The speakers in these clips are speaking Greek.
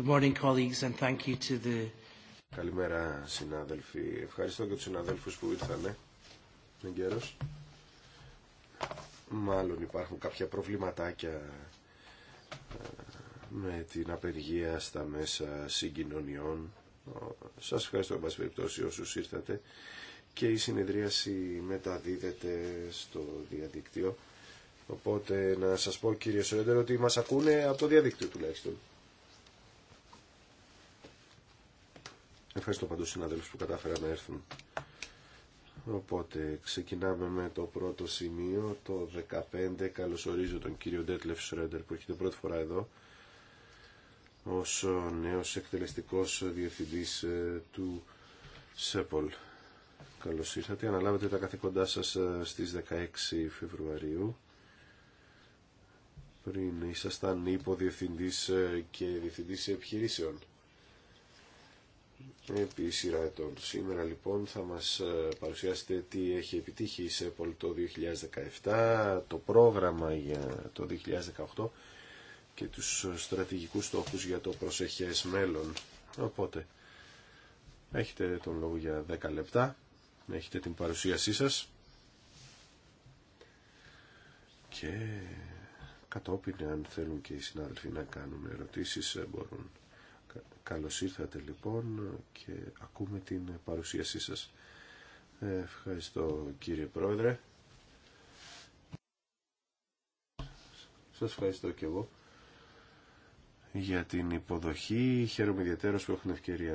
Good morning, colleagues, and thank you to the... Καλημέρα συνάδελφοι. Ευχαριστώ και τους συναδέλφους που ήρθανε. καιρό. Μάλλον υπάρχουν κάποια προβληματάκια ε, με την απεργία στα μέσα συγκοινωνιών. Σας ευχαριστώ, εν πάση περιπτώσει, όσους ήρθατε. Και η συνεδρίαση μεταδίδεται στο διαδικτύο. Οπότε να σας πω κύριε Σορέντερ ότι μας ακούνε από το διαδίκτυο τουλάχιστον. Ευχαριστώ παντού συναδέλφου που κατάφεραν να έρθουν. Οπότε ξεκινάμε με το πρώτο σημείο, το 15. Καλωσορίζω τον κύριο Ντέτλεφ Σρέντερ που έχει την πρώτη φορά εδώ ως νέος εκτελεστικός διευθυντής ε, του ΣΕΠΟΛ. Καλώς ήρθατε. Αναλάβετε τα καθήκοντά σας ε, στις 16 Φεβρουαρίου. Πριν ήσασταν υποδιευθυντής ε, και διευθυντής επιχειρήσεων επί σειρά ετών. Σήμερα λοιπόν θα μας ε, παρουσιάσετε τι έχει επιτύχει σε το 2017, το πρόγραμμα για το 2018 και τους ε, στρατηγικούς στόχους για το προσεχές μέλλον. Οπότε, έχετε τον λόγο για 10 λεπτά, έχετε την παρουσίασή σας και κατόπιν αν θέλουν και οι συνάδελφοι να κάνουν ερωτήσεις ε, μπορούν Καλώς ήρθατε λοιπόν και ακούμε την παρουσίασή σας. Ε, ευχαριστώ κύριε Πρόεδρε. Σας ευχαριστώ και εγώ για την υποδοχή. Χαίρομαι ιδιαίτερα που έχουμε ευκαιρία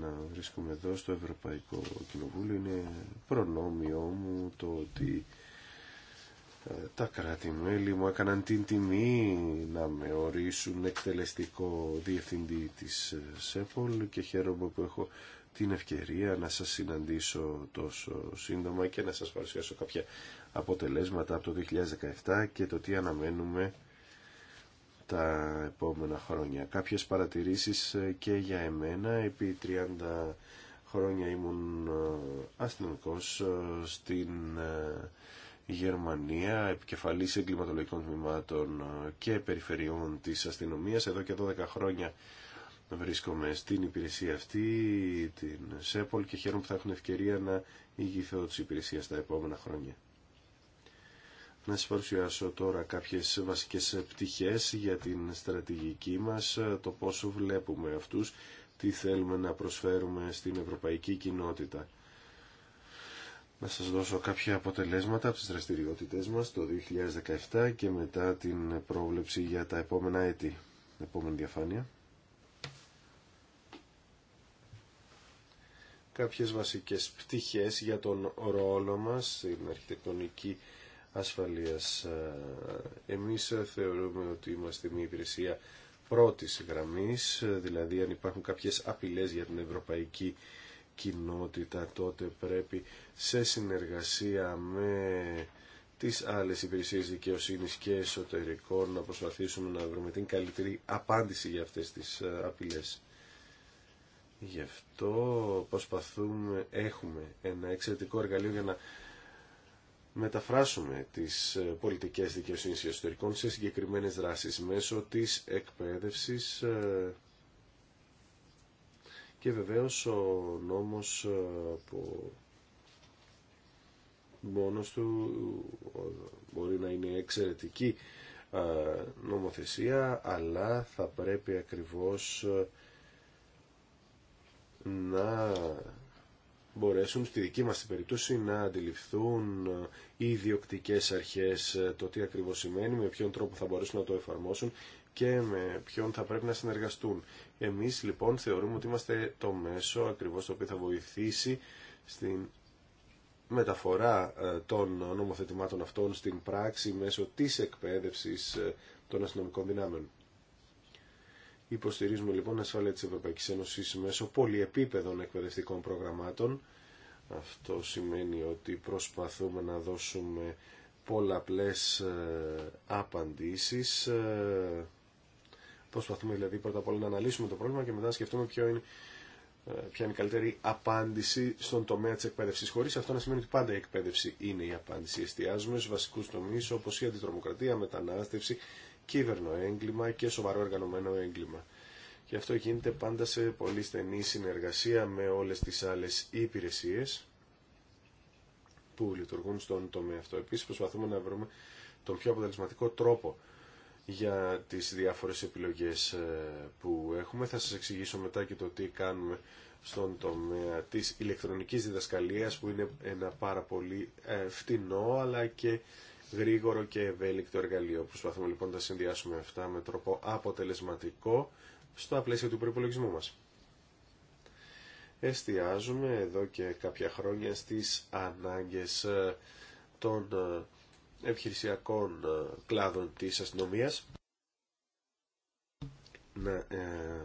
να βρίσκομαι εδώ στο Ευρωπαϊκό Κοινοβούλιο. Είναι προνόμιο μου το ότι τα κράτη-μέλη μου έκαναν την τιμή να με ορίσουν εκτελεστικό διευθυντή της ε, ΣΕΠΟΛ και χαίρομαι που έχω την ευκαιρία να σας συναντήσω τόσο σύντομα και να σας παρουσιάσω κάποια αποτελέσματα από το 2017 και το τι αναμένουμε τα επόμενα χρόνια. Κάποιες παρατηρήσεις ε, και για εμένα. Επί 30 χρόνια ήμουν ε, αστυνομικός στην Γερμανία, επικεφαλής εγκληματολογικών τμήματων και περιφερειών τη αστυνομίας. Εδώ και 12 χρόνια βρίσκομαι στην υπηρεσία αυτή, την ΣΕΠΟΛ και χαίρομαι που θα έχουν ευκαιρία να ηγηθώ της υπηρεσίας τα επόμενα χρόνια. Να σας παρουσιάσω τώρα κάποιες βασικέ πτυχές για την στρατηγική μας, το πόσο βλέπουμε αυτούς, τι θέλουμε να προσφέρουμε στην ευρωπαϊκή κοινότητα να σας δώσω κάποια αποτελέσματα από τις δραστηριότητές μας το 2017 και μετά την πρόβλεψη για τα επόμενα έτη. Επόμενη διαφάνεια. Κάποιες βασικές πτυχές για τον ρόλο μας στην αρχιτεκτονική ασφαλείας. Εμείς θεωρούμε ότι είμαστε μια υπηρεσία πρώτης γραμμής, δηλαδή αν υπάρχουν κάποιες απειλές για την ευρωπαϊκή κοινότητα τότε πρέπει σε συνεργασία με τις άλλες υπηρεσίες δικαιοσύνης και εσωτερικών να προσπαθήσουμε να βρούμε την καλύτερη απάντηση για αυτές τις ε, απειλές. Γι' αυτό προσπαθούμε, έχουμε ένα εξαιρετικό εργαλείο για να μεταφράσουμε τις ε, πολιτικές δικαιοσύνης και εσωτερικών σε συγκεκριμένες δράσεις μέσω της εκπαίδευσης ε, και βεβαίως ο νόμος ε, που μόνος του μπορεί να είναι εξαιρετική ε, νομοθεσία αλλά θα πρέπει ακριβώς ε, να μπορέσουν στη δική μας περίπτωση να αντιληφθούν οι ιδιοκτικές αρχές το τι ακριβώς σημαίνει, με ποιον τρόπο θα μπορέσουν να το εφαρμόσουν και με ποιον θα πρέπει να συνεργαστούν. Εμείς λοιπόν θεωρούμε ότι είμαστε το μέσο ακριβώς το οποίο θα βοηθήσει στην μεταφορά ε, των νομοθετημάτων αυτών στην πράξη μέσω της εκπαίδευσης ε, των αστυνομικών δυνάμεων. Υποστηρίζουμε λοιπόν ασφάλεια της Ευρωπαϊκής Ένωσης μέσω πολυεπίπεδων εκπαιδευτικών προγραμμάτων. Αυτό σημαίνει ότι προσπαθούμε να δώσουμε πολλαπλές ε, απαντήσεις Προσπαθούμε δηλαδή πρώτα απ' όλα να αναλύσουμε το πρόβλημα και μετά να σκεφτούμε είναι, ε, ποια είναι η καλύτερη απάντηση στον τομέα τη εκπαίδευση. Χωρί αυτό να σημαίνει ότι πάντα η εκπαίδευση είναι η απάντηση. Εστιάζουμε στου βασικούς τομείς όπως η αντιτρομοκρατία, μετανάστευση, κύβερνο έγκλημα και σοβαρό εργανομένο έγκλημα. Και αυτό γίνεται πάντα σε πολύ στενή συνεργασία με όλε τι άλλε υπηρεσίε που λειτουργούν στον τομέα αυτό. Επίση προσπαθούμε να βρούμε τον πιο αποτελεσματικό τρόπο για τις διάφορες επιλογές ε, που έχουμε. Θα σας εξηγήσω μετά και το τι κάνουμε στον τομέα της ηλεκτρονικής διδασκαλίας που είναι ένα πάρα πολύ ε, φτηνό αλλά και γρήγορο και ευέλικτο εργαλείο. Προσπαθούμε λοιπόν να τα συνδυάσουμε αυτά με τρόπο αποτελεσματικό στο πλαίσιο του προπολογισμού μας. Εστιάζουμε εδώ και κάποια χρόνια στις ανάγκες ε, των επιχειρησιακών ε, κλάδων της αστυνομίας. Να ε,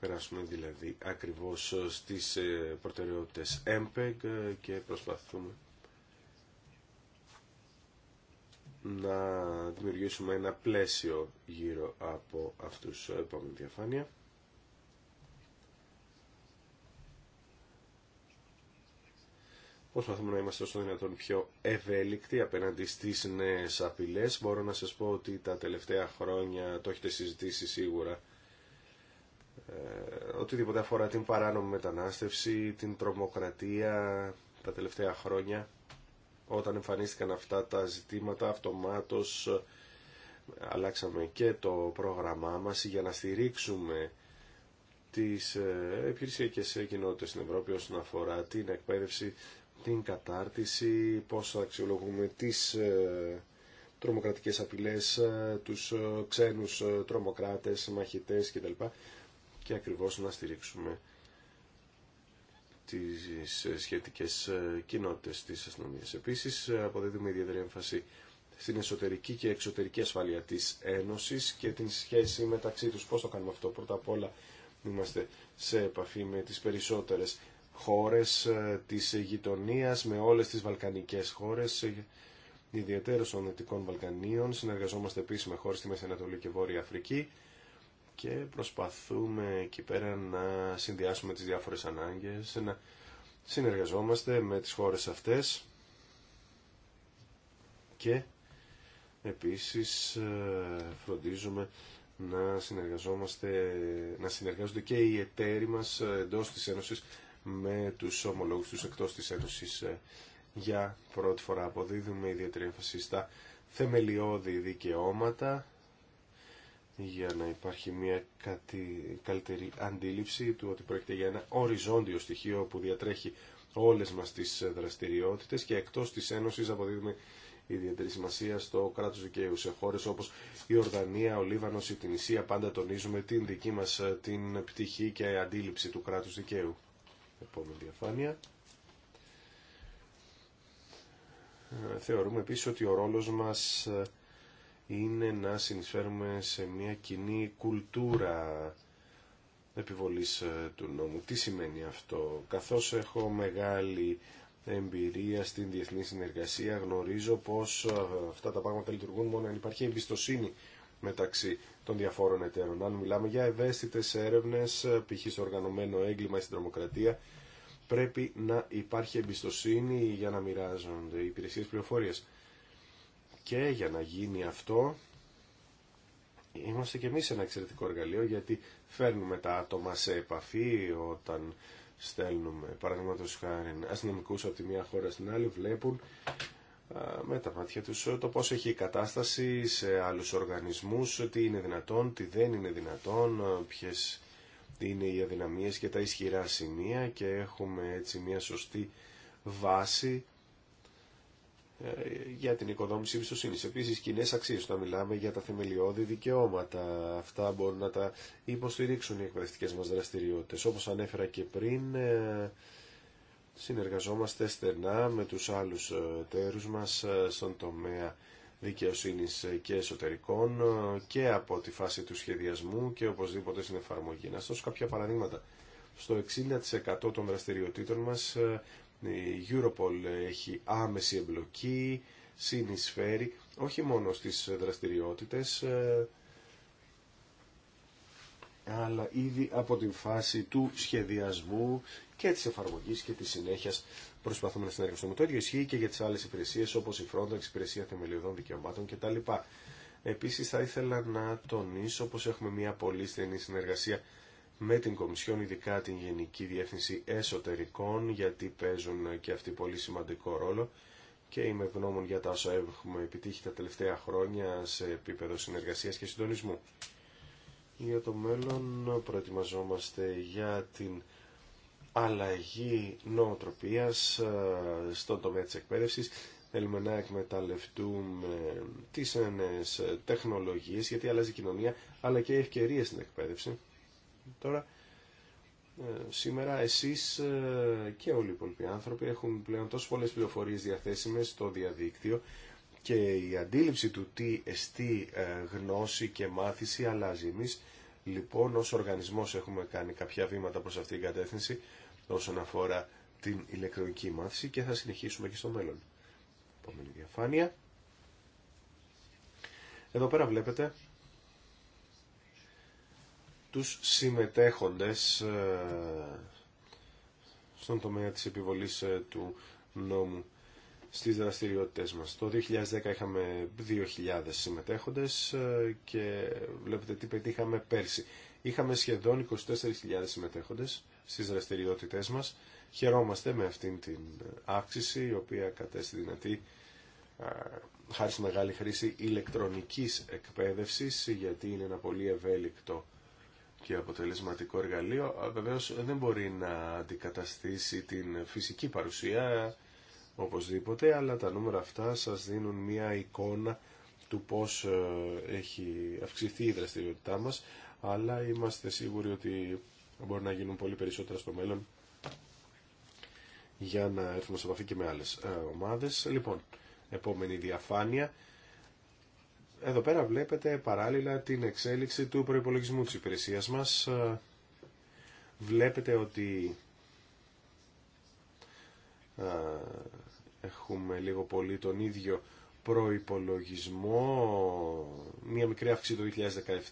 περάσουμε δηλαδή ακριβώς ε, στις ε, προτεραιότητες e ΕΜΠΕΚ και προσπαθούμε να δημιουργήσουμε ένα πλαίσιο γύρω από αυτούς επόμενη διαφάνεια. Προσπαθούμε να είμαστε όσο δυνατόν πιο ευέλικτοι απέναντι στι νέε απειλέ. Μπορώ να σα πω ότι τα τελευταία χρόνια, το έχετε συζητήσει σίγουρα, ε, οτιδήποτε αφορά την παράνομη μετανάστευση, την τρομοκρατία τα τελευταία χρόνια, όταν εμφανίστηκαν αυτά τα ζητήματα, αυτομάτως ε, αλλάξαμε και το πρόγραμμά μας για να στηρίξουμε τις επιχειρησιακές κοινότητες στην Ευρώπη όσον αφορά την εκπαίδευση την κατάρτιση, πώς θα αξιολογούμε τις ε, τρομοκρατικές απειλές, ε, τους ε, ξένους τρομοκράτες, μαχητές κτλ. Και ακριβώς να στηρίξουμε τις σχετικές κοινότητες της αστυνομίας. Επίσης, αποδίδουμε ιδιαίτερη έμφαση στην εσωτερική και εξωτερική ασφάλεια της Ένωσης και την σχέση μεταξύ τους. Πώς το κάνουμε αυτό. Πρώτα απ' όλα είμαστε σε επαφή με τις περισσότερες χώρες ε, της γειτονία με όλες τις βαλκανικές χώρες, ε, ιδιαίτερως των Δυτικών Βαλκανίων. Συνεργαζόμαστε επίσης με χώρες στη Μέση Ανατολή και Βόρεια Αφρική και προσπαθούμε εκεί πέρα να συνδυάσουμε τις διάφορες ανάγκες, να συνεργαζόμαστε με τις χώρες αυτές και επίσης ε, φροντίζουμε να συνεργαζόμαστε, να συνεργάζονται και οι εταίροι μας εντός της Ένωσης με τους ομολόγους τους εκτός της Ένωσης ε, για πρώτη φορά. Αποδίδουμε ιδιαίτερη έμφαση στα θεμελιώδη δικαιώματα για να υπάρχει μια καλύτερη αντίληψη του ότι πρόκειται για ένα οριζόντιο στοιχείο που διατρέχει όλες μας τις δραστηριότητες και εκτός της Ένωσης αποδίδουμε ιδιαίτερη σημασία στο κράτος δικαίου σε χώρες όπως η Ορδανία, ο Λίβανος, η Τινησία πάντα τονίζουμε την δική μας ε, την πτυχή και αντίληψη του κράτους δικαίου. Επόμενη διαφάνεια. Ε, θεωρούμε επίσης ότι ο ρόλος μας ε, είναι να συνεισφέρουμε σε μια κοινή κουλτούρα επιβολής ε, του νόμου. Τι σημαίνει αυτό. Καθώς έχω μεγάλη εμπειρία στην διεθνή συνεργασία γνωρίζω πως αυτά τα πράγματα λειτουργούν μόνο αν υπάρχει εμπιστοσύνη μεταξύ των διαφόρων εταίρων. Αν μιλάμε για ευαίσθητε έρευνε, π.χ. στο οργανωμένο έγκλημα ή στην τρομοκρατία, πρέπει να υπάρχει εμπιστοσύνη για να μοιράζονται οι υπηρεσίες πληροφορία. Και για να γίνει αυτό, είμαστε κι εμείς ένα εξαιρετικό εργαλείο, γιατί φέρνουμε τα άτομα σε επαφή όταν στέλνουμε, παραδείγματο χάρη, αστυνομικού από τη μία χώρα στην άλλη, βλέπουν με τα μάτια τους το πώς έχει η κατάσταση σε άλλους οργανισμούς, τι είναι δυνατόν, τι δεν είναι δυνατόν, ποιες είναι οι αδυναμίες και τα ισχυρά σημεία και έχουμε έτσι μια σωστή βάση ε, για την οικοδόμηση εμπιστοσύνη. Επίση, κοινέ αξίε, όταν μιλάμε για τα θεμελιώδη δικαιώματα, αυτά μπορούν να τα υποστηρίξουν οι εκπαιδευτικέ μα δραστηριότητε. Όπω ανέφερα και πριν, ε, συνεργαζόμαστε στενά με τους άλλους εταίρους μας ε, στον τομέα δικαιοσύνης και εσωτερικών ε, και από τη φάση του σχεδιασμού και οπωσδήποτε στην εφαρμογή. Να σας κάποια παραδείγματα. Στο 60% των δραστηριοτήτων μας ε, η Europol έχει άμεση εμπλοκή, συνεισφέρει όχι μόνο στις δραστηριότητες αλλά ήδη από την φάση του σχεδιασμού και της εφαρμογής και της συνέχειας προσπαθούμε να συνεργαστούμε. Το ίδιο ισχύει και για τις άλλες υπηρεσίες όπως η Frontex, η Υπηρεσία Θεμελιωδών Δικαιωμάτων κτλ. Επίσης θα ήθελα να τονίσω πως έχουμε μια πολύ στενή συνεργασία με την Κομισιόν, ειδικά την Γενική Διεύθυνση Εσωτερικών, γιατί παίζουν και αυτοί πολύ σημαντικό ρόλο και είμαι ευγνώμων για τα όσα έχουμε επιτύχει τα τελευταία χρόνια σε επίπεδο συνεργασίας και συντονισμού για το μέλλον προετοιμαζόμαστε για την αλλαγή νοοτροπίας ε, στον τομέα της εκπαίδευσης. Θέλουμε να εκμεταλλευτούμε τις νέες τεχνολογίες, γιατί αλλάζει η κοινωνία, αλλά και ευκαιρίες στην εκπαίδευση. Τώρα, ε, σήμερα εσείς ε, και όλοι οι υπόλοιποι άνθρωποι έχουν πλέον τόσο πολλές πληροφορίες διαθέσιμες στο διαδίκτυο και η αντίληψη του τι εστί ε, γνώση και μάθηση αλλάζει. Εμείς λοιπόν ως οργανισμός έχουμε κάνει κάποια βήματα προς αυτήν την κατεύθυνση όσον αφορά την ηλεκτρονική μάθηση και θα συνεχίσουμε και στο μέλλον. Επόμενη διαφάνεια. Εδώ πέρα βλέπετε τους συμμετέχοντες ε, στον τομέα της επιβολής ε, του νόμου στις δραστηριότητες μας. Το 2010 είχαμε 2.000 συμμετέχοντες ε, και βλέπετε τι πετύχαμε πέρσι. Είχαμε σχεδόν 24.000 συμμετέχοντες στις δραστηριότητες μας. Χαιρόμαστε με αυτήν την αύξηση η οποία κατέστη δυνατή ε, χάρη στη μεγάλη χρήση ηλεκτρονικής εκπαίδευσης γιατί είναι ένα πολύ ευέλικτο και αποτελεσματικό εργαλείο ε, βεβαίω δεν μπορεί να αντικαταστήσει την φυσική παρουσία οπωσδήποτε, αλλά τα νούμερα αυτά σας δίνουν μια εικόνα του πώς ε, έχει αυξηθεί η δραστηριότητά μας, αλλά είμαστε σίγουροι ότι μπορεί να γίνουν πολύ περισσότερα στο μέλλον για να έρθουμε σε επαφή και με άλλες ε, ομάδες. Λοιπόν, επόμενη διαφάνεια. Εδώ πέρα βλέπετε παράλληλα την εξέλιξη του προϋπολογισμού της υπηρεσίας μας. Ε, βλέπετε ότι έχουμε λίγο πολύ τον ίδιο προϋπολογισμό, μία μικρή αύξηση το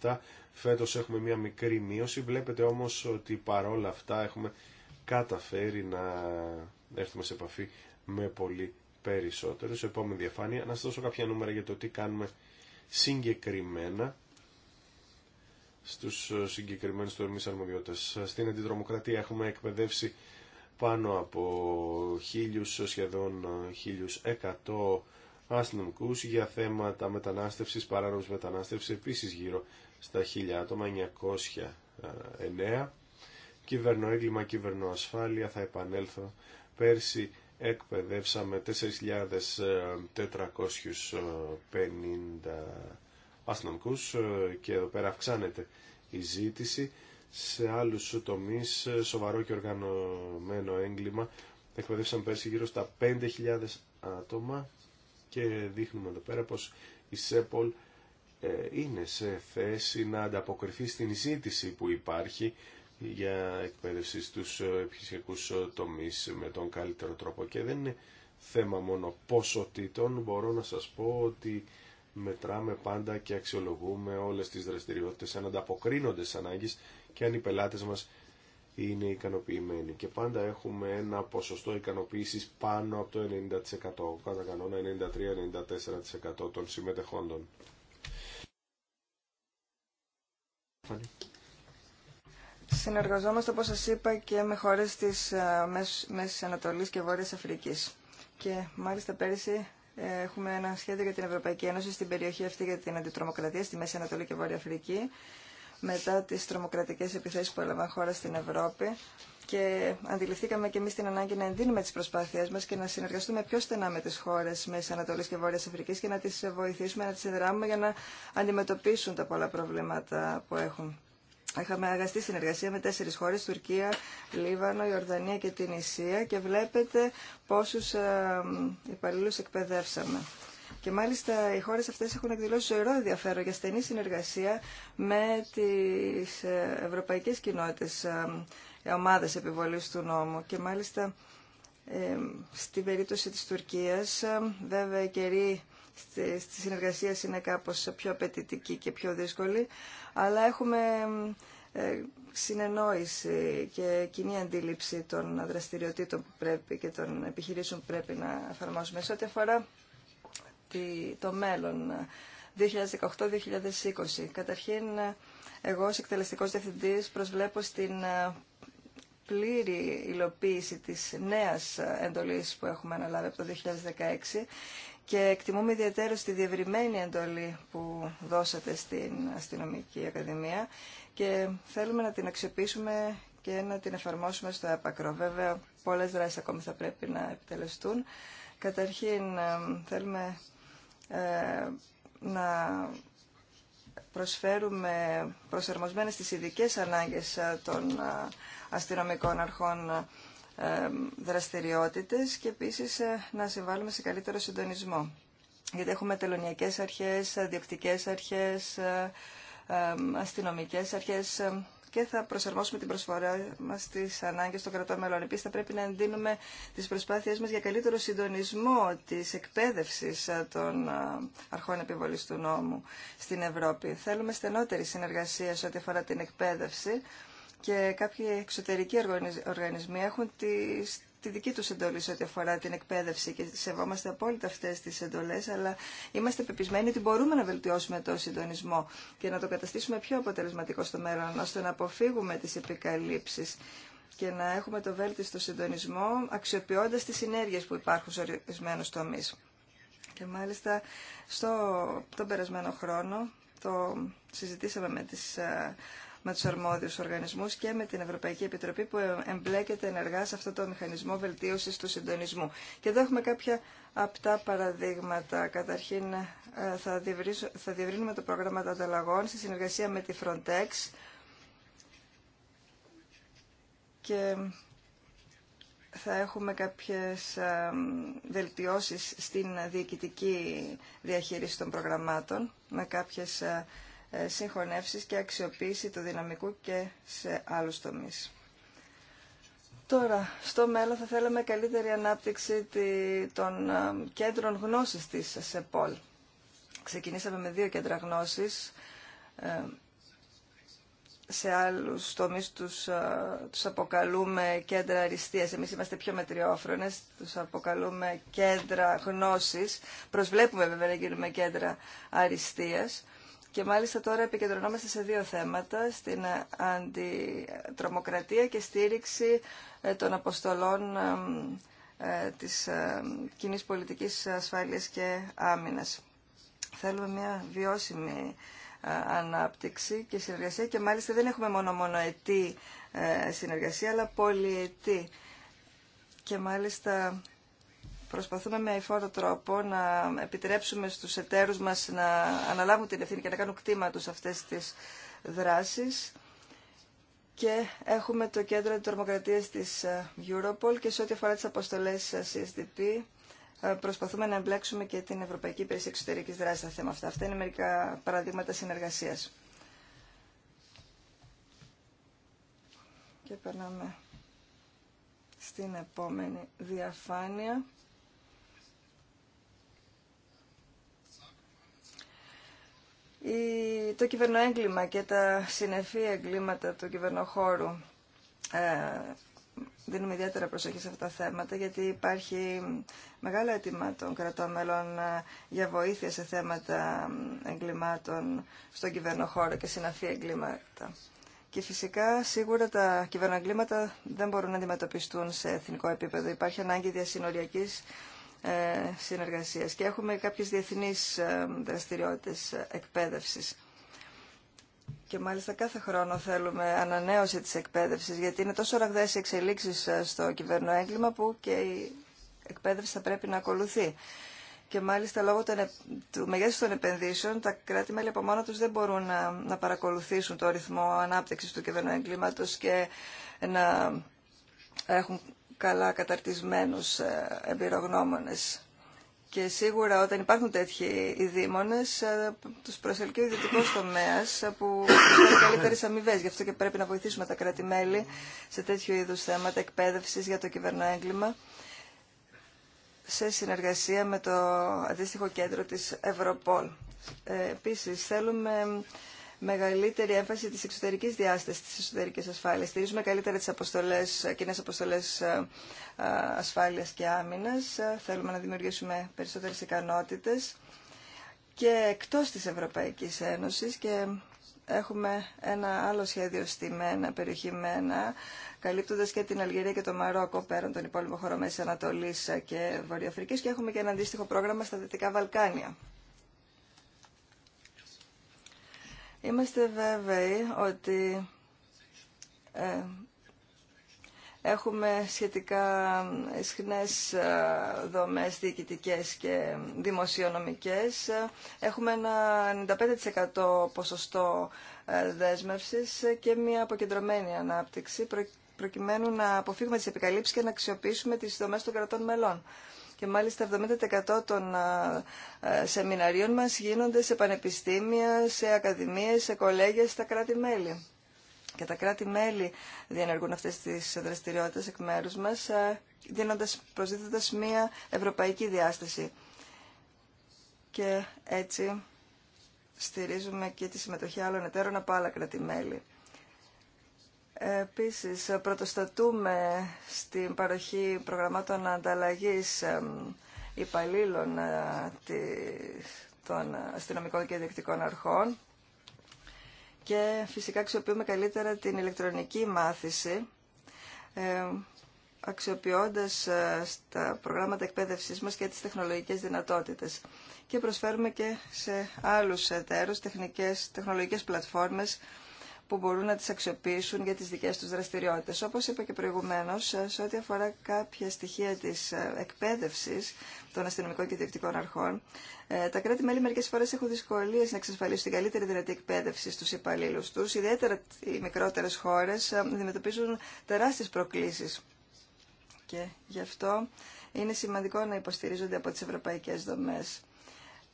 2017, φέτος έχουμε μία μικρή μείωση, βλέπετε όμως ότι παρόλα αυτά έχουμε καταφέρει να έρθουμε σε επαφή με πολύ περισσότερους. Επόμενη διαφάνεια, να σας δώσω κάποια νούμερα για το τι κάνουμε συγκεκριμένα στους συγκεκριμένους τομείς αρμοδιότητες. Στην αντιδρομοκρατία έχουμε εκπαιδεύσει πάνω από χίλιους, σχεδόν 1100 αστυνομικούς για θέματα μετανάστευσης, παράνομης μετανάστευσης, επίσης γύρω στα 1000 άτομα, 909. Ε, Κυβερνοέγκλημα, κυβερνοασφάλεια, θα επανέλθω. Πέρσι εκπαιδεύσαμε 4.450 αστυνομικούς ε, και εδώ πέρα αυξάνεται η ζήτηση σε άλλους τομεί, ε, σοβαρό και οργανωμένο έγκλημα. Εκπαιδεύσαμε πέρσι γύρω στα 5.000 άτομα και δείχνουμε εδώ πέρα πως η ΣΕΠΟΛ ε, είναι σε θέση να ανταποκριθεί στην ζήτηση που υπάρχει για εκπαίδευση στους ε, επιχειρησιακούς τομείς με τον καλύτερο τρόπο και δεν είναι θέμα μόνο ποσοτήτων, μπορώ να σας πω ότι μετράμε πάντα και αξιολογούμε όλες τις δραστηριότητες αν ανταποκρίνονται ανάγκες και αν οι πελάτες μας είναι ικανοποιημένοι. Και πάντα έχουμε ένα ποσοστό ικανοποίησης πάνω από το 90%, κατά κανόνα 93-94% των συμμετεχόντων. Συνεργαζόμαστε, όπως σας είπα, και με χώρες της ε, Μέσης Ανατολής και Βόρειας Αφρικής. Και μάλιστα πέρυσι ε, έχουμε ένα σχέδιο για την Ευρωπαϊκή Ένωση στην περιοχή αυτή για την αντιτρομοκρατία στη Μέση Ανατολή και Βόρεια Αφρική μετά τις τρομοκρατικές επιθέσεις που έλαβαν χώρα στην Ευρώπη και αντιληφθήκαμε και εμείς την ανάγκη να ενδύνουμε τις προσπάθειές μας και να συνεργαστούμε πιο στενά με τις χώρες Μέση Ανατολής και Βόρειας Αφρικής και να τις βοηθήσουμε, να τις ενδράμουμε για να αντιμετωπίσουν τα πολλά προβλήματα που έχουν. Είχαμε αγαστή συνεργασία με τέσσερις χώρες, Τουρκία, Λίβανο, Ιορδανία και την Ισία και βλέπετε πόσους ε, υπαλλήλους εκπαιδεύσαμε. Και μάλιστα οι χώρες αυτές έχουν εκδηλώσει ζωηρό ενδιαφέρον για στενή συνεργασία με τις ε, ευρωπαϊκές κοινότητες ε, ε, ομάδες επιβολής του νόμου. Και μάλιστα στην περίπτωση της Τουρκίας, βέβαια η καιρή στη συνεργασία είναι κάπως πιο απαιτητική και πιο δύσκολη, αλλά έχουμε συνεννόηση και κοινή αντίληψη των δραστηριοτήτων που πρέπει και των επιχειρήσεων που πρέπει να εφαρμόσουμε. Σε ό,τι αφορά το μέλλον 2018-2020. Καταρχήν, εγώ ως εκτελεστικός διευθυντής προσβλέπω στην ε, πλήρη υλοποίηση της νέας ε, εντολής που έχουμε αναλάβει από το 2016 και εκτιμούμε ιδιαίτερο στη διευρυμένη εντολή που δώσατε στην Αστυνομική Ακαδημία και θέλουμε να την αξιοποιήσουμε και να την εφαρμόσουμε στο έπακρο. Βέβαια, πολλές δράσεις ακόμη θα πρέπει να επιτελεστούν. Καταρχήν, ε, θέλουμε ε, να προσφέρουμε προσαρμοσμένες τις ειδικέ ανάγκες ε, των ε, αστυνομικών αρχών δραστηριότητες και επίσης να συμβάλλουμε σε καλύτερο συντονισμό. Γιατί έχουμε τελωνιακές αρχές, διοκτικές αρχές, αστυνομικές αρχές, και θα προσαρμόσουμε την προσφορά μα στι ανάγκε των κρατών μελών. Επίση, θα πρέπει να εντείνουμε τι προσπάθειέ μα για καλύτερο συντονισμό τη εκπαίδευση ε, των ε, αρχών επιβολή του νόμου στην Ευρώπη. Θέλουμε στενότερη συνεργασία σε ό,τι αφορά την εκπαίδευση και κάποιοι εξωτερικοί οργανισμοί έχουν τις τη δική του εντολή σε ό,τι αφορά την εκπαίδευση και σεβόμαστε απόλυτα αυτέ τις εντολές, αλλά είμαστε πεπισμένοι ότι μπορούμε να βελτιώσουμε το συντονισμό και να το καταστήσουμε πιο αποτελεσματικό στο μέλλον, ώστε να αποφύγουμε τις επικαλύψεις και να έχουμε το βέλτιστο συντονισμό αξιοποιώντας τις συνέργειε που υπάρχουν σε ορισμένου τομεί. Και μάλιστα στο, τον περασμένο χρόνο το συζητήσαμε με τις ε, με τους αρμόδιους οργανισμούς και με την Ευρωπαϊκή Επιτροπή που εμπλέκεται ενεργά σε αυτό το μηχανισμό βελτίωσης του συντονισμού. Και εδώ έχουμε κάποια απτά παραδείγματα. Καταρχήν ε, θα, θα διευρύνουμε το πρόγραμμα των ανταλλαγών στη συνεργασία με τη Frontex και θα έχουμε κάποιες ε, βελτιώσεις στην διοικητική διαχείριση των προγραμμάτων με κάποιες ε, ε, Συγχωνεύσει και αξιοποίηση του δυναμικού και σε άλλους τομείς. Τώρα, στο μέλλον θα θέλαμε καλύτερη ανάπτυξη των ε, κέντρων γνώσης της ΣΕΠΟΛ. Ξεκινήσαμε με δύο κέντρα γνώσης ε, σε άλλους τομείς τους, αποκαλούμε κέντρα αριστείας. Εμείς είμαστε πιο μετριόφρονες, τους αποκαλούμε κέντρα γνώσης. Προσβλέπουμε βέβαια να γίνουμε κέντρα αριστείας. Και μάλιστα τώρα επικεντρωνόμαστε σε δύο θέματα, στην αντιτρομοκρατία και στήριξη ε, των αποστολών ε, της κοινή πολιτικής ασφάλειας και άμυνας. Θέλουμε μια βιώσιμη ε, ανάπτυξη και συνεργασία και μάλιστα δεν έχουμε μόνο ετή συνεργασία αλλά πολυετή. Και μάλιστα προσπαθούμε με εφόρο τρόπο να επιτρέψουμε στους εταίρους μας να αναλάβουν την ευθύνη και να κάνουν κτήμα τους αυτές τις δράσεις. Και έχουμε το κέντρο τρομοκρατίας της ε, Europol και σε ό,τι αφορά τις αποστολές ε, CSDP ε, προσπαθούμε να εμπλέξουμε και την Ευρωπαϊκή Υπηρεσία Εξωτερικής Δράσης στα θέματα αυτά. Αυτά είναι μερικά παραδείγματα συνεργασίας. Και περνάμε στην επόμενη διαφάνεια. το κυβερνοέγκλημα και τα συνεφή εγκλήματα του κυβερνοχώρου. Ε, δίνουμε ιδιαίτερα προσοχή σε αυτά τα θέματα γιατί υπάρχει μεγάλο αίτημα των κρατών μέλων ε, για βοήθεια σε θέματα εγκλημάτων στον κυβερνοχώρο και συναφή εγκλήματα. Και φυσικά σίγουρα τα κυβερνοεγκλήματα δεν μπορούν να αντιμετωπιστούν σε εθνικό επίπεδο. Υπάρχει ανάγκη διασυνοριακής ε, συνεργασίας και έχουμε κάποιες διεθνείς ε, δραστηριότητες εκπαίδευσης. Και μάλιστα κάθε χρόνο θέλουμε ανανέωση της εκπαίδευσης, γιατί είναι τόσο ραγδαίες οι εξελίξεις ε, στο κυβερνοέγκλημα που και η εκπαίδευση θα πρέπει να ακολουθεί. Και μάλιστα λόγω του μεγέθους των επενδύσεων, τα κράτη-μέλη από μόνα τους δεν μπορούν να, να παρακολουθήσουν το ρυθμό ανάπτυξης του κυβερνοέγκληματος και να έχουν καλά καταρτισμένους ε, εμπειρογνώμονες. Και σίγουρα όταν υπάρχουν τέτοιοι οι δήμονες, ε, τους προσελκύει ο ιδιωτικός τομέας ε, που έχει καλύτερες αμοιβέ. Γι' αυτό και πρέπει να βοηθήσουμε τα κράτη-μέλη σε τέτοιου είδους θέματα εκπαίδευσης για το κυβερνοέγκλημα σε συνεργασία με το αντίστοιχο κέντρο της Ευρωπόλ. Ε, επίσης, θέλουμε μεγαλύτερη έμφαση της εξωτερικής διάσταση της εσωτερική ασφάλειας. Στηρίζουμε καλύτερα τις αποστολές, ε, κοινές αποστολές ε, ε, ασφάλειας και άμυνας. Θέλουμε να δημιουργήσουμε περισσότερες ικανότητες και εκτός της Ευρωπαϊκής Ένωσης και έχουμε ένα άλλο σχέδιο στη Μένα, περιοχή Μένα, καλύπτοντας και την Αλγερία και το Μαρόκο πέραν των υπόλοιπων χωρών Μέση Ανατολής και Βορειοαφρικής και έχουμε και ένα αντίστοιχο πρόγραμμα στα Δυτικά Βαλκάνια. Είμαστε βέβαιοι ότι ε, έχουμε σχετικά ισχνές ε, δομές διοικητικές και δημοσιονομικές. Έχουμε ένα 95% ποσοστό ε, δέσμευσης και μια αποκεντρωμένη ανάπτυξη προκειμένου να αποφύγουμε τις επικαλύψεις και να αξιοποιήσουμε τις δομές των κρατών μελών και μάλιστα 70% των ε, σεμιναρίων μας γίνονται σε πανεπιστήμια, σε ακαδημίες, σε κολέγια, στα κράτη-μέλη. Και τα κράτη-μέλη διενεργούν αυτές τις δραστηριότητες εκ μέρους μας, ε, δίνοντας, προσδίδοντας μία ευρωπαϊκή διάσταση. Και έτσι στηρίζουμε και τη συμμετοχή άλλων εταίρων από άλλα κράτη-μέλη. Επίσης, πρωτοστατούμε στην παροχή προγραμμάτων ανταλλαγής υπαλλήλων ε, των αστυνομικών και διεκτικών αρχών και φυσικά αξιοποιούμε καλύτερα την ηλεκτρονική μάθηση αξιοποιώντας ε, τα προγράμματα εκπαίδευσής μας και τις τεχνολογικές δυνατότητες. Και προσφέρουμε και σε άλλους εταίρους τεχνικές, τεχνολογικές πλατφόρμες που μπορούν να τις αξιοποιήσουν για τις δικές τους δραστηριότητες. Όπως είπα και προηγουμένως, σε ό,τι αφορά κάποια στοιχεία της ε, εκπαίδευσης των αστυνομικών και διεκτικών αρχών, ε, τα κράτη-μέλη μερικές φορές έχουν δυσκολίες να εξασφαλίσουν την καλύτερη δυνατή εκπαίδευση στους υπαλλήλους τους. Ιδιαίτερα οι μικρότερες χώρες ε, αντιμετωπίζουν τεράστιες προκλήσεις. Και γι' αυτό είναι σημαντικό να υποστηρίζονται από τις ευρωπαϊκές δομές.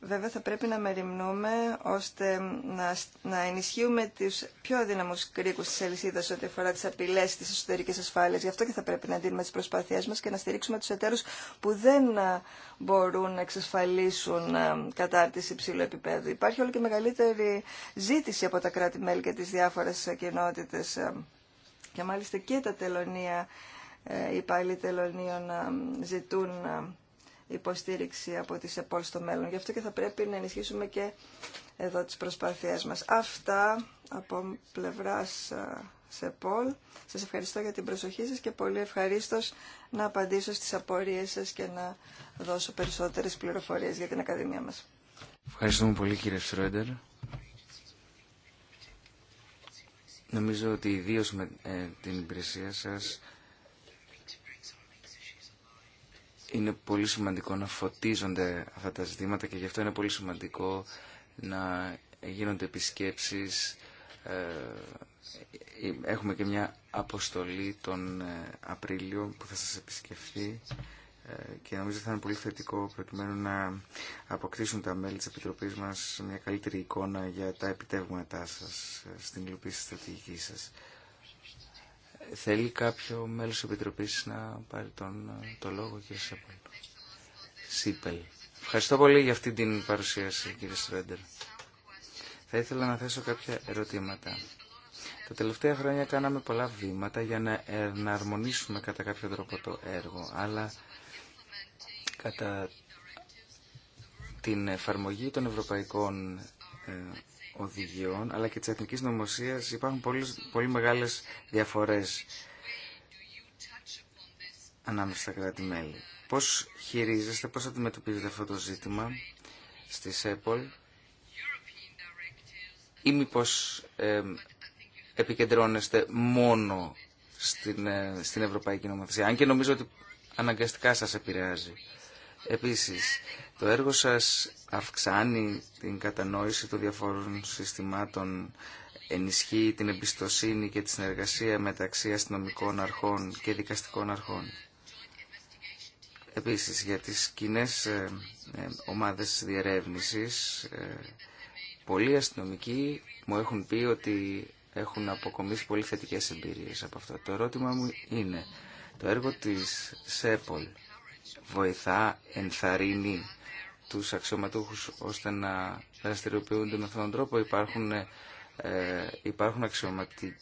Βέβαια θα πρέπει να μεριμνούμε ώστε να, να ενισχύουμε τους πιο αδύναμους κρίκους της αλυσίδας ό,τι αφορά τις απειλές της εσωτερικής ασφάλειας. Γι' αυτό και θα πρέπει να δίνουμε τις προσπάθειές μας και να στηρίξουμε τους εταίρους που δεν μπορούν να εξασφαλίσουν κατάρτιση υψηλού επίπεδου. Υπάρχει όλο και μεγαλύτερη ζήτηση από τα κράτη-μέλη και τις διάφορες κοινότητες και μάλιστα και τα τελωνία, ε, οι υπάλληλοι τελωνίων ζητούν υποστήριξη από τις ΣΕΠΟΛ στο μέλλον. Γι' αυτό και θα πρέπει να ενισχύσουμε και εδώ τις προσπάθειές μας. Αυτά από πλευράς ΣΕΠΟΛ. Σας ευχαριστώ για την προσοχή σας και πολύ ευχαριστώ να απαντήσω στις απορίες σας και να δώσω περισσότερες πληροφορίες για την Ακαδημία μας. Ευχαριστούμε πολύ κύριε Σρόντερ. Νομίζω ότι ιδίως με ε, την υπηρεσία σας είναι πολύ σημαντικό να φωτίζονται αυτά τα ζητήματα και γι' αυτό είναι πολύ σημαντικό να γίνονται επισκέψεις. Ε, έχουμε και μια αποστολή τον ε, Απρίλιο που θα σας επισκεφθεί ε, και νομίζω θα είναι πολύ θετικό προκειμένου να αποκτήσουν τα μέλη της Επιτροπής μας μια καλύτερη εικόνα για τα επιτεύγματά σας στην υλοποίηση της στρατηγικής σας. Θέλει κάποιο μέλος της Επιτροπής να πάρει τον, το λόγο, κύριε Σιππελ. Σίπελ. Ευχαριστώ πολύ για αυτή την παρουσίαση, κύριε Στρέντερ. Θα ήθελα να θέσω κάποια ερωτήματα. Τα τελευταία χρόνια κάναμε πολλά βήματα για να εναρμονίσουμε κατά κάποιο τρόπο το έργο, αλλά κατά την εφαρμογή των ευρωπαϊκών ε, οδηγιών αλλά και της εθνικής νομοσίας υπάρχουν πολύ, πολύ μεγάλες διαφορές ανάμεσα στα κράτη-μέλη. Πώς χειρίζεστε, πώς αντιμετωπίζετε αυτό το ζήτημα στη ΣΕΠΟΛ ή μήπως επικεντρώνεστε μόνο στην, ε, στην Ευρωπαϊκή Νομοθεσία, αν και νομίζω ότι αναγκαστικά σας επηρεάζει. Επίσης, το έργο σας αυξάνει την κατανόηση των διαφόρων συστημάτων, ενισχύει την εμπιστοσύνη και τη συνεργασία μεταξύ αστυνομικών αρχών και δικαστικών αρχών. Επίσης, για τις κοινέ ε, ε, ομάδες διερεύνησης, ε, πολλοί αστυνομικοί μου έχουν πει ότι έχουν αποκομίσει πολύ θετικές εμπειρίες από αυτό. Το ερώτημα μου είναι, το έργο της ΣΕΠΟΛ βοηθά, ενθαρρύνει τους αξιωματούχους ώστε να δραστηριοποιούνται με αυτόν τον τρόπο. Υπάρχουν, ε, υπάρχουν αξιωματικοί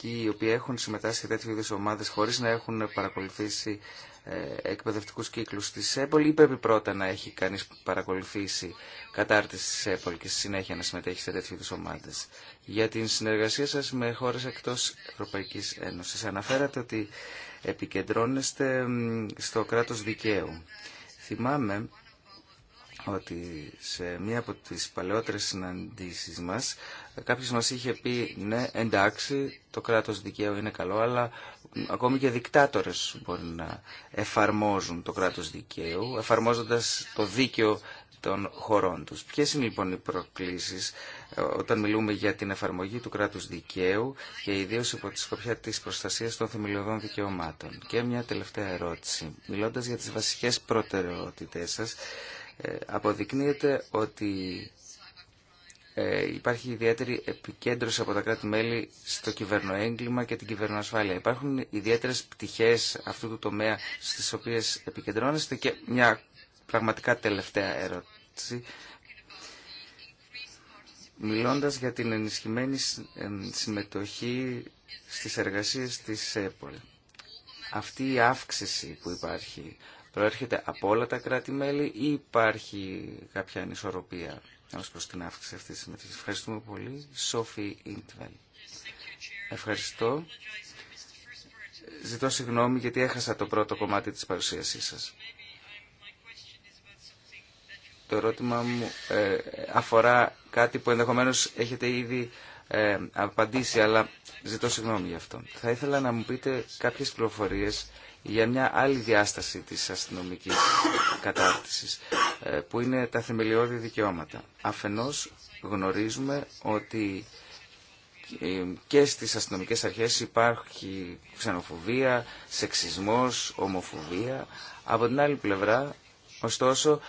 πολιτικοί οι οποίοι έχουν συμμετάσχει σε τέτοιου είδου ομάδε χωρί να έχουν παρακολουθήσει ε, εκπαιδευτικού κύκλου τη ΕΠΟΛ ή πρέπει πρώτα να έχει κανεί παρακολουθήσει κατάρτιση τη ΕΠΟΛ και στη συνέχεια να συμμετέχει σε τέτοιου είδου ομάδε. Για την συνεργασία σα με χώρε εκτό Ευρωπαϊκή Ένωση, αναφέρατε ότι επικεντρώνεστε στο κράτο δικαίου. Θυμάμαι ότι σε μία από τις παλαιότερες συναντήσεις μας κάποιος μας είχε πει ναι εντάξει το κράτος δικαίου είναι καλό αλλά ακόμη και δικτάτορες μπορεί να εφαρμόζουν το κράτος δικαίου εφαρμόζοντας το δίκαιο των χωρών τους. Ποιες είναι λοιπόν οι προκλήσεις ε, όταν μιλούμε για την εφαρμογή του κράτους δικαίου και ιδίως υπό τη σκοπιά της προστασίας των θεμελιωδών δικαιωμάτων. Και μια τελευταία ερώτηση. Μιλώντας για τις βασικές προτεραιότητές σας, ε, αποδεικνύεται ότι ε, υπάρχει ιδιαίτερη επικέντρωση από τα κράτη-μέλη στο κυβερνοέγκλημα και την κυβερνοασφάλεια. Υπάρχουν ιδιαίτερες πτυχές αυτού του τομέα στις οποίες επικεντρώνεστε και μια πραγματικά τελευταία ερώτηση. Μιλώντας για την ενισχυμένη ε, συμμετοχή στις εργασίες της ΕΠΟΛ, αυτή η αύξηση που υπάρχει προέρχεται από όλα τα κράτη-μέλη ή υπάρχει κάποια ανισορροπία ω προ την αύξηση αυτής τη συμμετοχή. Ευχαριστούμε πολύ. Σόφι Ιντβελ. Ευχαριστώ. Ζητώ συγγνώμη γιατί έχασα το πρώτο κομμάτι της παρουσίασής σας. Το ερώτημα μου ε, αφορά κάτι που ενδεχομένως έχετε ήδη ε, απαντήσει, αλλά ζητώ συγγνώμη γι' αυτό. Θα ήθελα να μου πείτε κάποιες πληροφορίες για μια άλλη διάσταση της αστυνομικής κατάρτισης ε, που είναι τα θεμελιώδη δικαιώματα. Αφενός γνωρίζουμε ότι ε, και στις αστυνομικές αρχές υπάρχει ξενοφοβία, σεξισμός, ομοφοβία. Από την άλλη πλευρά, ωστόσο,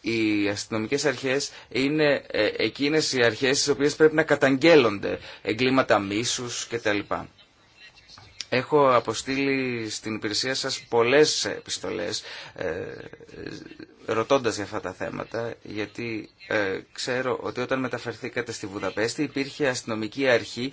οι αστυνομικές αρχές είναι ε, εκείνες οι αρχές στις οποίες πρέπει να καταγγέλλονται εγκλήματα μίσους κτλ. Έχω αποστείλει στην υπηρεσία σας πολλές επιστολές ε, ρωτώντας για αυτά τα θέματα γιατί ε, ξέρω ότι όταν μεταφερθήκατε στη Βουδαπέστη υπήρχε αστυνομική αρχή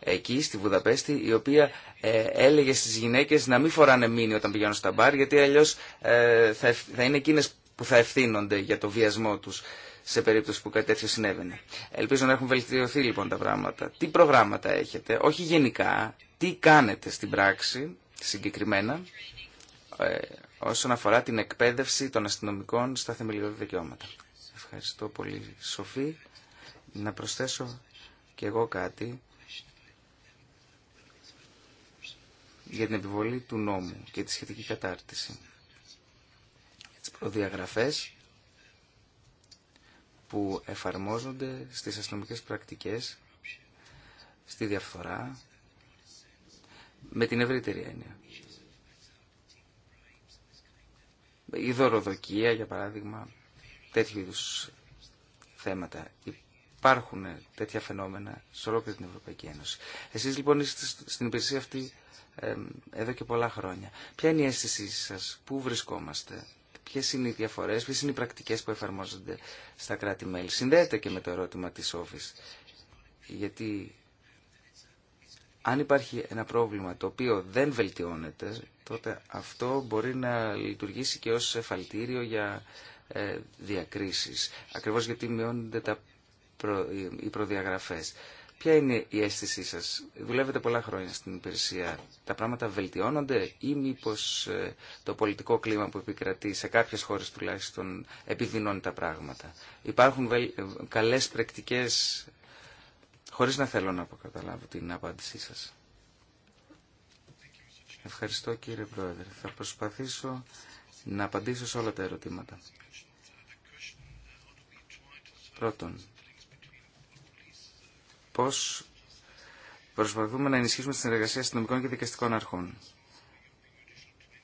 εκεί στη Βουδαπέστη η οποία ε, έλεγε στις γυναίκες να μην φοράνε μήνυ όταν πηγαίνουν στα μπαρ γιατί αλλιώς ε, θα, είναι εκείνες που θα ευθύνονται για το βιασμό τους σε περίπτωση που κάτι τέτοιο συνέβαινε. Ελπίζω να έχουν βελτιωθεί λοιπόν τα πράγματα. Τι προγράμματα έχετε, όχι γενικά, τι κάνετε στην πράξη συγκεκριμένα ε, όσον αφορά την εκπαίδευση των αστυνομικών στα θεμελιώδη δικαιώματα. Ευχαριστώ πολύ, Σοφή. Να προσθέσω και εγώ κάτι για την επιβολή του νόμου και τη σχετική κατάρτιση. Τις προδιαγραφές που εφαρμόζονται στις αστυνομικές πρακτικές, στη διαφθορά, με την ευρύτερη έννοια. Η δωροδοκία, για παράδειγμα, τέτοιου είδου θέματα. Υπάρχουν τέτοια φαινόμενα σε ολόκληρη την Ευρωπαϊκή Ένωση. Εσείς λοιπόν είστε στην υπηρεσία αυτή εδώ και πολλά χρόνια. Ποια είναι η αίσθησή σας, πού βρισκόμαστε, ποιες είναι οι διαφορές, ποιες είναι οι πρακτικές που εφαρμόζονται στα κράτη-μέλη. Συνδέεται και με το ερώτημα της Όφης, γιατί αν υπάρχει ένα πρόβλημα το οποίο δεν βελτιώνεται, τότε αυτό μπορεί να λειτουργήσει και ως εφαλτήριο για ε, διακρίσεις. Ακριβώς γιατί μειώνονται τα οι προδιαγραφές. Ποια είναι η αίσθησή σας. Δουλεύετε πολλά χρόνια στην υπηρεσία. Τα πράγματα βελτιώνονται ή μήπως ε, το πολιτικό κλίμα που επικρατεί σε κάποιες χώρες τουλάχιστον επιδεινώνει τα πράγματα. Υπάρχουν ε, καλές πρακτικές χωρίς να θέλω να αποκαταλάβω την απάντησή σας. Ευχαριστώ κύριε Πρόεδρε. Θα προσπαθήσω να απαντήσω σε όλα τα ερωτήματα. Πρώτον, πώς προσπαθούμε να ενισχύσουμε τη συνεργασία αστυνομικών και δικαστικών αρχών.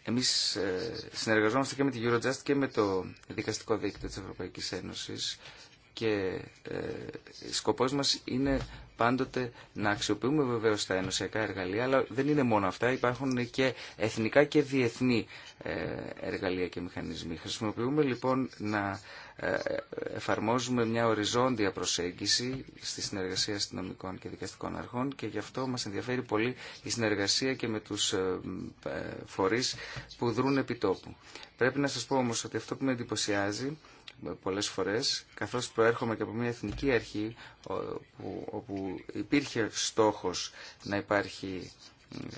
Εμείς ε, συνεργαζόμαστε και με την Eurojust και με το δικαστικό δίκτυο της Ευρωπαϊκής Ένωσης και ε, σκοπός μας είναι πάντοτε να αξιοποιούμε βεβαίως τα ενωσιακά εργαλεία, αλλά δεν είναι μόνο αυτά, υπάρχουν και εθνικά και διεθνή ε, εργαλεία και μηχανισμοί. Χρησιμοποιούμε λοιπόν να ε, εφαρμόζουμε μια οριζόντια προσέγγιση στη συνεργασία αστυνομικών και δικαστικών αρχών και γι' αυτό μας ενδιαφέρει πολύ η συνεργασία και με τους ε, φορείς που δρούν επιτόπου. Πρέπει να σας πω όμως ότι αυτό που με εντυπωσιάζει πολλές φορές, καθώς προέρχομαι και από μια εθνική αρχή όπου υπήρχε στόχος να υπάρχει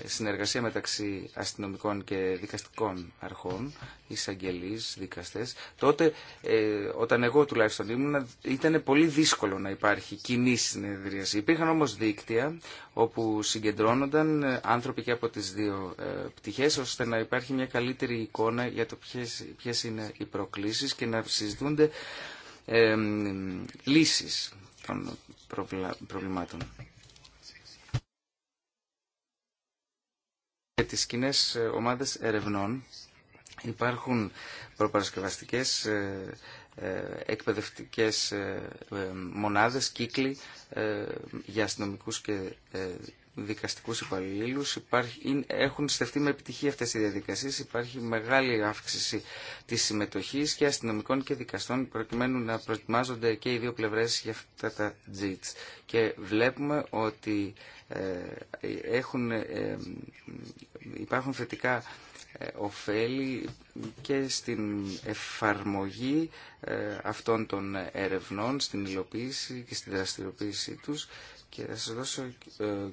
συνεργασία μεταξύ αστυνομικών και δικαστικών αρχών, εισαγγελείς, δικαστές, τότε ε, όταν εγώ τουλάχιστον ήμουν ήταν πολύ δύσκολο να υπάρχει κοινή συνεδρίαση. Υπήρχαν όμως δίκτυα όπου συγκεντρώνονταν ε, άνθρωποι και από τις δύο ε, πτυχές ώστε να υπάρχει μια καλύτερη εικόνα για το ποιες, είναι οι προκλήσεις και να συζητούνται ε, λύσεις των προβλημάτων. Για τις κοινέ ε, ομάδες ερευνών υπάρχουν προπαρασκευαστικές ε, ε, εκπαιδευτικές μονάδες, κύκλοι για αστυνομικούς και δικαστικούς υπαλλήλους Υπάρχει, έχουν στεφτεί με επιτυχία αυτές οι διαδικασίες υπάρχει μεγάλη αύξηση της συμμετοχής και αστυνομικών και δικαστών προκειμένου να προετοιμάζονται και οι δύο πλευρές για αυτά τα τζιτς και βλέπουμε ότι ε, έχουν, ε, υπάρχουν θετικά ε, ωφέλη και στην εφαρμογή αυτών των ερευνών, στην υλοποίηση και στη δραστηριοποίησή τους και θα σας δώσω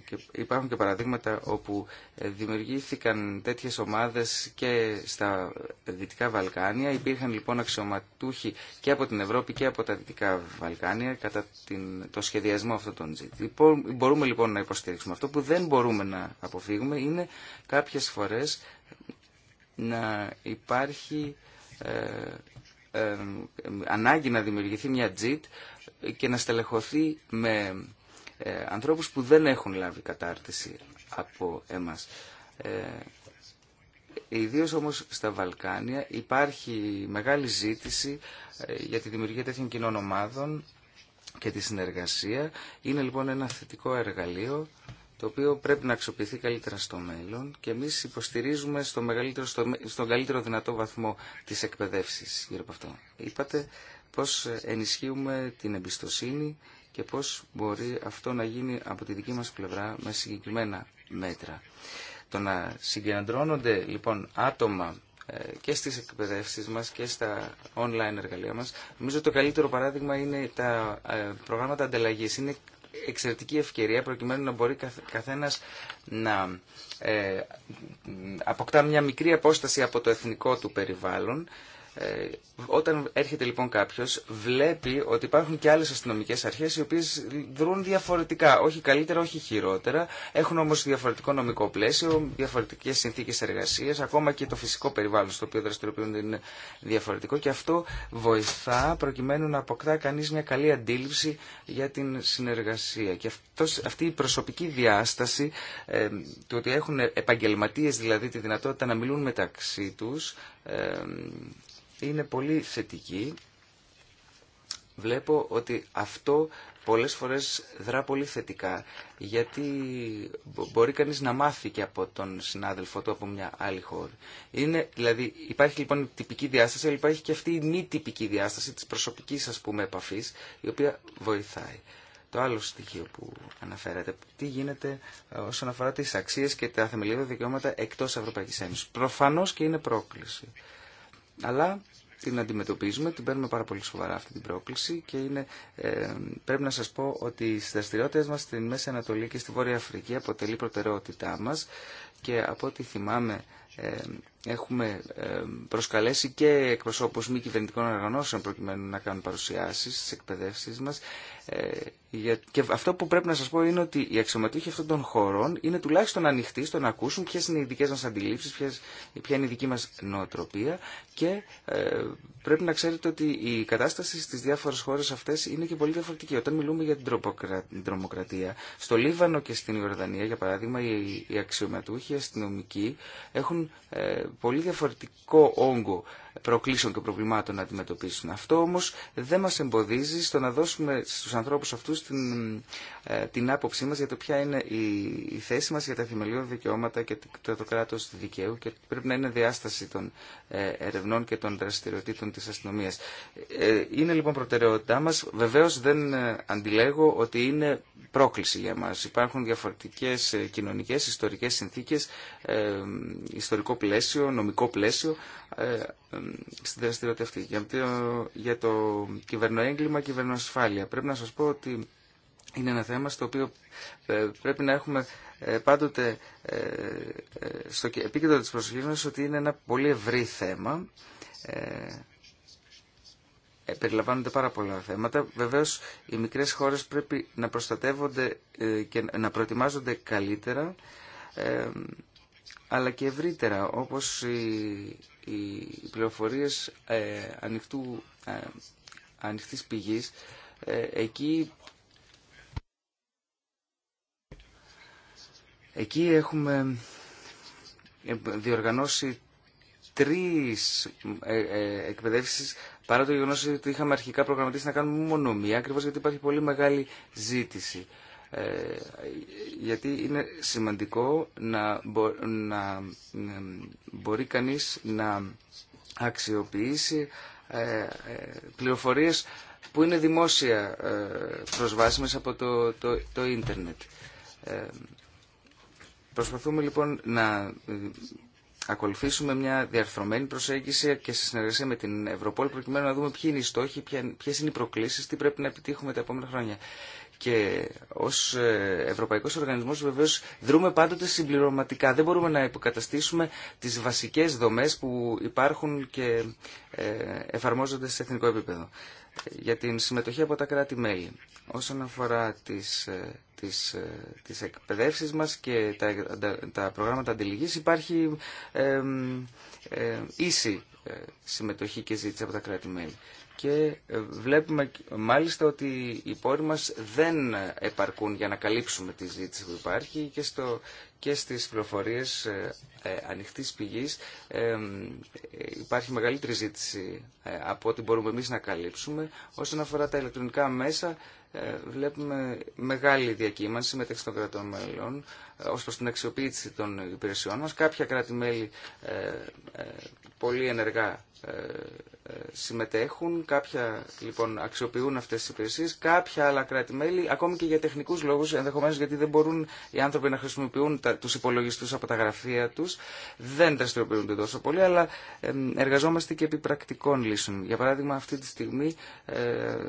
και υπάρχουν και παραδείγματα όπου δημιουργήθηκαν τέτοιες ομάδες και στα Δυτικά Βαλκάνια. Υπήρχαν λοιπόν αξιωματούχοι και από την Ευρώπη και από τα Δυτικά Βαλκάνια κατά την, το σχεδιασμό αυτών των ζήτων. Λοιπόν, μπορούμε λοιπόν να υποστηρίξουμε αυτό που δεν μπορούμε να αποφύγουμε είναι κάποιες φορές να υπάρχει ε, ε, ανάγκη να δημιουργηθεί μια τζιτ και να στελεχωθεί με ε, ανθρώπους που δεν έχουν λάβει κατάρτιση από εμάς. Ε, Ιδίω όμως στα Βαλκάνια υπάρχει μεγάλη ζήτηση για τη δημιουργία τέτοιων κοινών ομάδων και τη συνεργασία. Είναι λοιπόν ένα θετικό εργαλείο το οποίο πρέπει να αξιοποιηθεί καλύτερα στο μέλλον και εμείς υποστηρίζουμε στο μεγαλύτερο, στο, στον καλύτερο δυνατό βαθμό τις εκπαιδεύσεις γύρω από αυτό. Είπατε πώς ενισχύουμε την εμπιστοσύνη και πώς μπορεί αυτό να γίνει από τη δική μας πλευρά με συγκεκριμένα μέτρα. Το να συγκεντρώνονται λοιπόν άτομα και στις εκπαιδεύσεις μας και στα online εργαλεία μας. Νομίζω το καλύτερο παράδειγμα είναι τα ε, προγράμματα ανταλλαγής. Είναι εξαιρετική ευκαιρία προκειμένου να μπορεί καθένας να ε, αποκτά μια μικρή απόσταση από το εθνικό του περιβάλλον ε, όταν έρχεται λοιπόν κάποιο, βλέπει ότι υπάρχουν και άλλε αστυνομικέ αρχέ οι οποίε δρούν διαφορετικά, όχι καλύτερα, όχι χειρότερα, έχουν όμω διαφορετικό νομικό πλαίσιο, διαφορετικέ συνθήκε εργασία, ακόμα και το φυσικό περιβάλλον στο οποίο δραστηριοποιούνται είναι διαφορετικό και αυτό βοηθά προκειμένου να αποκτά κανεί μια καλή αντίληψη για την συνεργασία. Και αυτός, αυτή η προσωπική διάσταση ε, του ότι έχουν επαγγελματίε δηλαδή τη δυνατότητα να μιλούν μεταξύ του. Ε, είναι πολύ θετική. Βλέπω ότι αυτό πολλές φορές δρά πολύ θετικά, γιατί μπορεί κανείς να μάθει και από τον συνάδελφο του από μια άλλη χώρα. Είναι, δηλαδή, υπάρχει λοιπόν τυπική διάσταση, αλλά υπάρχει και αυτή η μη τυπική διάσταση της προσωπικής, ας πούμε, επαφής, η οποία βοηθάει. Το άλλο στοιχείο που αναφέρατε, τι γίνεται ε, όσον αφορά τις αξίες και τα θεμελιώδη δικαιώματα εκτός Ευρωπαϊκής Ένωσης. Προφανώς και είναι πρόκληση αλλά την αντιμετωπίζουμε, την παίρνουμε πάρα πολύ σοβαρά αυτή την πρόκληση και είναι, ε, πρέπει να σας πω ότι στις δραστηριότητε μας στην Μέση Ανατολή και στη Βόρεια Αφρική αποτελεί προτεραιότητά μας και από ό,τι θυμάμαι ε, Έχουμε προσκαλέσει και εκπροσώπους μη κυβερνητικών οργανώσεων προκειμένου να κάνουν παρουσιάσεις στις εκπαιδεύσεις μας. Ε, και αυτό που πρέπει να σας πω είναι ότι οι αξιωματούχοι αυτών των χωρών είναι τουλάχιστον ανοιχτοί στο να ακούσουν ποιες είναι οι δικές μας αντιλήψεις, ποια είναι η δική μας νοοτροπία και ε, πρέπει να ξέρετε ότι η κατάσταση στις διάφορες χώρες αυτές είναι και πολύ διαφορετική. Όταν μιλούμε για την τρομοκρατία, στο Λίβανο και στην Ιορδανία, για παράδειγμα, οι αξιωματούχοι, οι αστυνομικοί έχουν ε, πολύ διαφορετικό όγκο προκλήσεων και προβλημάτων να αντιμετωπίσουν. Αυτό όμως δεν μας εμποδίζει στο να δώσουμε στους ανθρώπους αυτούς την, ε, την άποψή μας για το ποια είναι η, η θέση μας για τα θεμελιώδη δικαιώματα και το, το κράτος δικαίου και πρέπει να είναι διάσταση των ε, ερευνών και των δραστηριοτήτων ε, είναι λοιπόν προτεραιότητά μας. Βεβαίως δεν ε, αντιλέγω ότι είναι πρόκληση για μα. Υπάρχουν διαφορετικές ε, κοινωνικές, ιστορικές συνθήκες, ιστορικό πλαίσιο, νομικό πλαίσιο στη δραστηριότητα αυτή. Για το κυβερνοέγκλημα, κυβερνοασφάλεια. Πρέπει να σας πω ότι είναι ένα θέμα στο οποίο πρέπει να έχουμε πάντοτε στο επίκεντρο της προσοχής μας ότι είναι ένα πολύ ευρύ θέμα ε, περιλαμβάνονται πάρα πολλά θέματα. Βεβαίω, οι μικρέ χώρε πρέπει να προστατεύονται ε, και να προετοιμάζονται καλύτερα ε, αλλά και ευρύτερα όπω οι πληροφορίες ανοιχτή ανοιχτής πηγής εκεί εκεί έχουμε διοργανώσει τρεις εκπαιδεύσεις Παρά το γεγονό ότι είχαμε αρχικά προγραμματίσει να κάνουμε μόνο μία, ακριβώ γιατί υπάρχει πολύ μεγάλη ζήτηση. Ε, γιατί είναι σημαντικό να, να, ε, μπορεί κανείς να αξιοποιήσει ε, ε πληροφορίες που είναι δημόσια ε, προσβάσιμες από το, το, το ίντερνετ. Προσπαθούμε λοιπόν να ακολουθήσουμε μια διαρθρωμένη προσέγγιση και σε συνεργασία με την Ευρωπόλ προκειμένου να δούμε ποιοι είναι οι στόχοι, ποιε είναι οι προκλήσει, τι πρέπει να επιτύχουμε τα επόμενα χρόνια. Και ω ε, Ευρωπαϊκό Οργανισμό βεβαίω δρούμε πάντοτε συμπληρωματικά. Δεν μπορούμε να υποκαταστήσουμε τι βασικέ δομέ που υπάρχουν και ε, εφαρμόζονται σε εθνικό επίπεδο. Για την συμμετοχή από τα κράτη-μέλη. Όσον αφορά τις ε, τις, ε, τις εκπαιδεύσεις μας και τα, τα, προγράμματα αντιληγής υπάρχει ε, ίση συμμετοχή και ζήτηση από τα κράτη-μέλη. Και ε, βλέπουμε μάλιστα ότι οι πόροι μας δεν επαρκούν για να καλύψουμε τη ζήτηση που υπάρχει και, στο, και στις πληροφορίες ε, ανοιχτής πηγής υπάρχει μεγαλύτερη ζήτηση από ό,τι μπορούμε εμείς να καλύψουμε. Όσον αφορά τα ηλεκτρονικά μέσα ε, βλέπουμε μεγάλη διακύμανση μεταξύ των κρατών μελών ε, ως προς την αξιοποίηση των υπηρεσιών μας. Κάποια κράτη-μέλη ε, πολύ ενεργά ε, ε, συμμετέχουν, κάποια λοιπόν αξιοποιούν αυτές τις υπηρεσίες, κάποια άλλα κράτη-μέλη, ακόμη και για τεχνικούς λόγους, ενδεχομένως γιατί δεν μπορούν οι άνθρωποι να χρησιμοποιούν τα, τους υπολογιστούς από τα γραφεία τους, δεν δραστηριοποιούνται τόσο πολύ, αλλά εργαζόμαστε και επί πρακτικών λύσεων. Για παράδειγμα, αυτή τη στιγμή ε,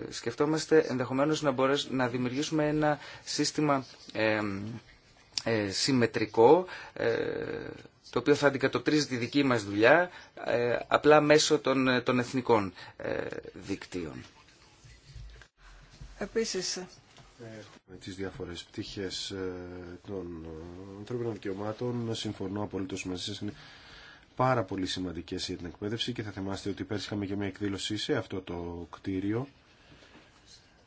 σκεφτόμαστε ενδεχομένως να, μπορέσουμε, να δημιουργήσουμε ένα σύστημα ε, συμμετρικό, το οποίο θα αντικατοπτρίζει τη δική μας δουλειά ε, απλά μέσω των, ε, των εθνικών ε, δικτύων. Επίσης, με τις διάφορες πτυχές των ανθρώπινων δικαιωμάτων συμφωνώ απολύτως μαζί σας είναι πάρα πολύ σημαντικές για την εκπαίδευση και θα θυμάστε ότι πέρσι είχαμε και μια εκδήλωση σε αυτό το κτίριο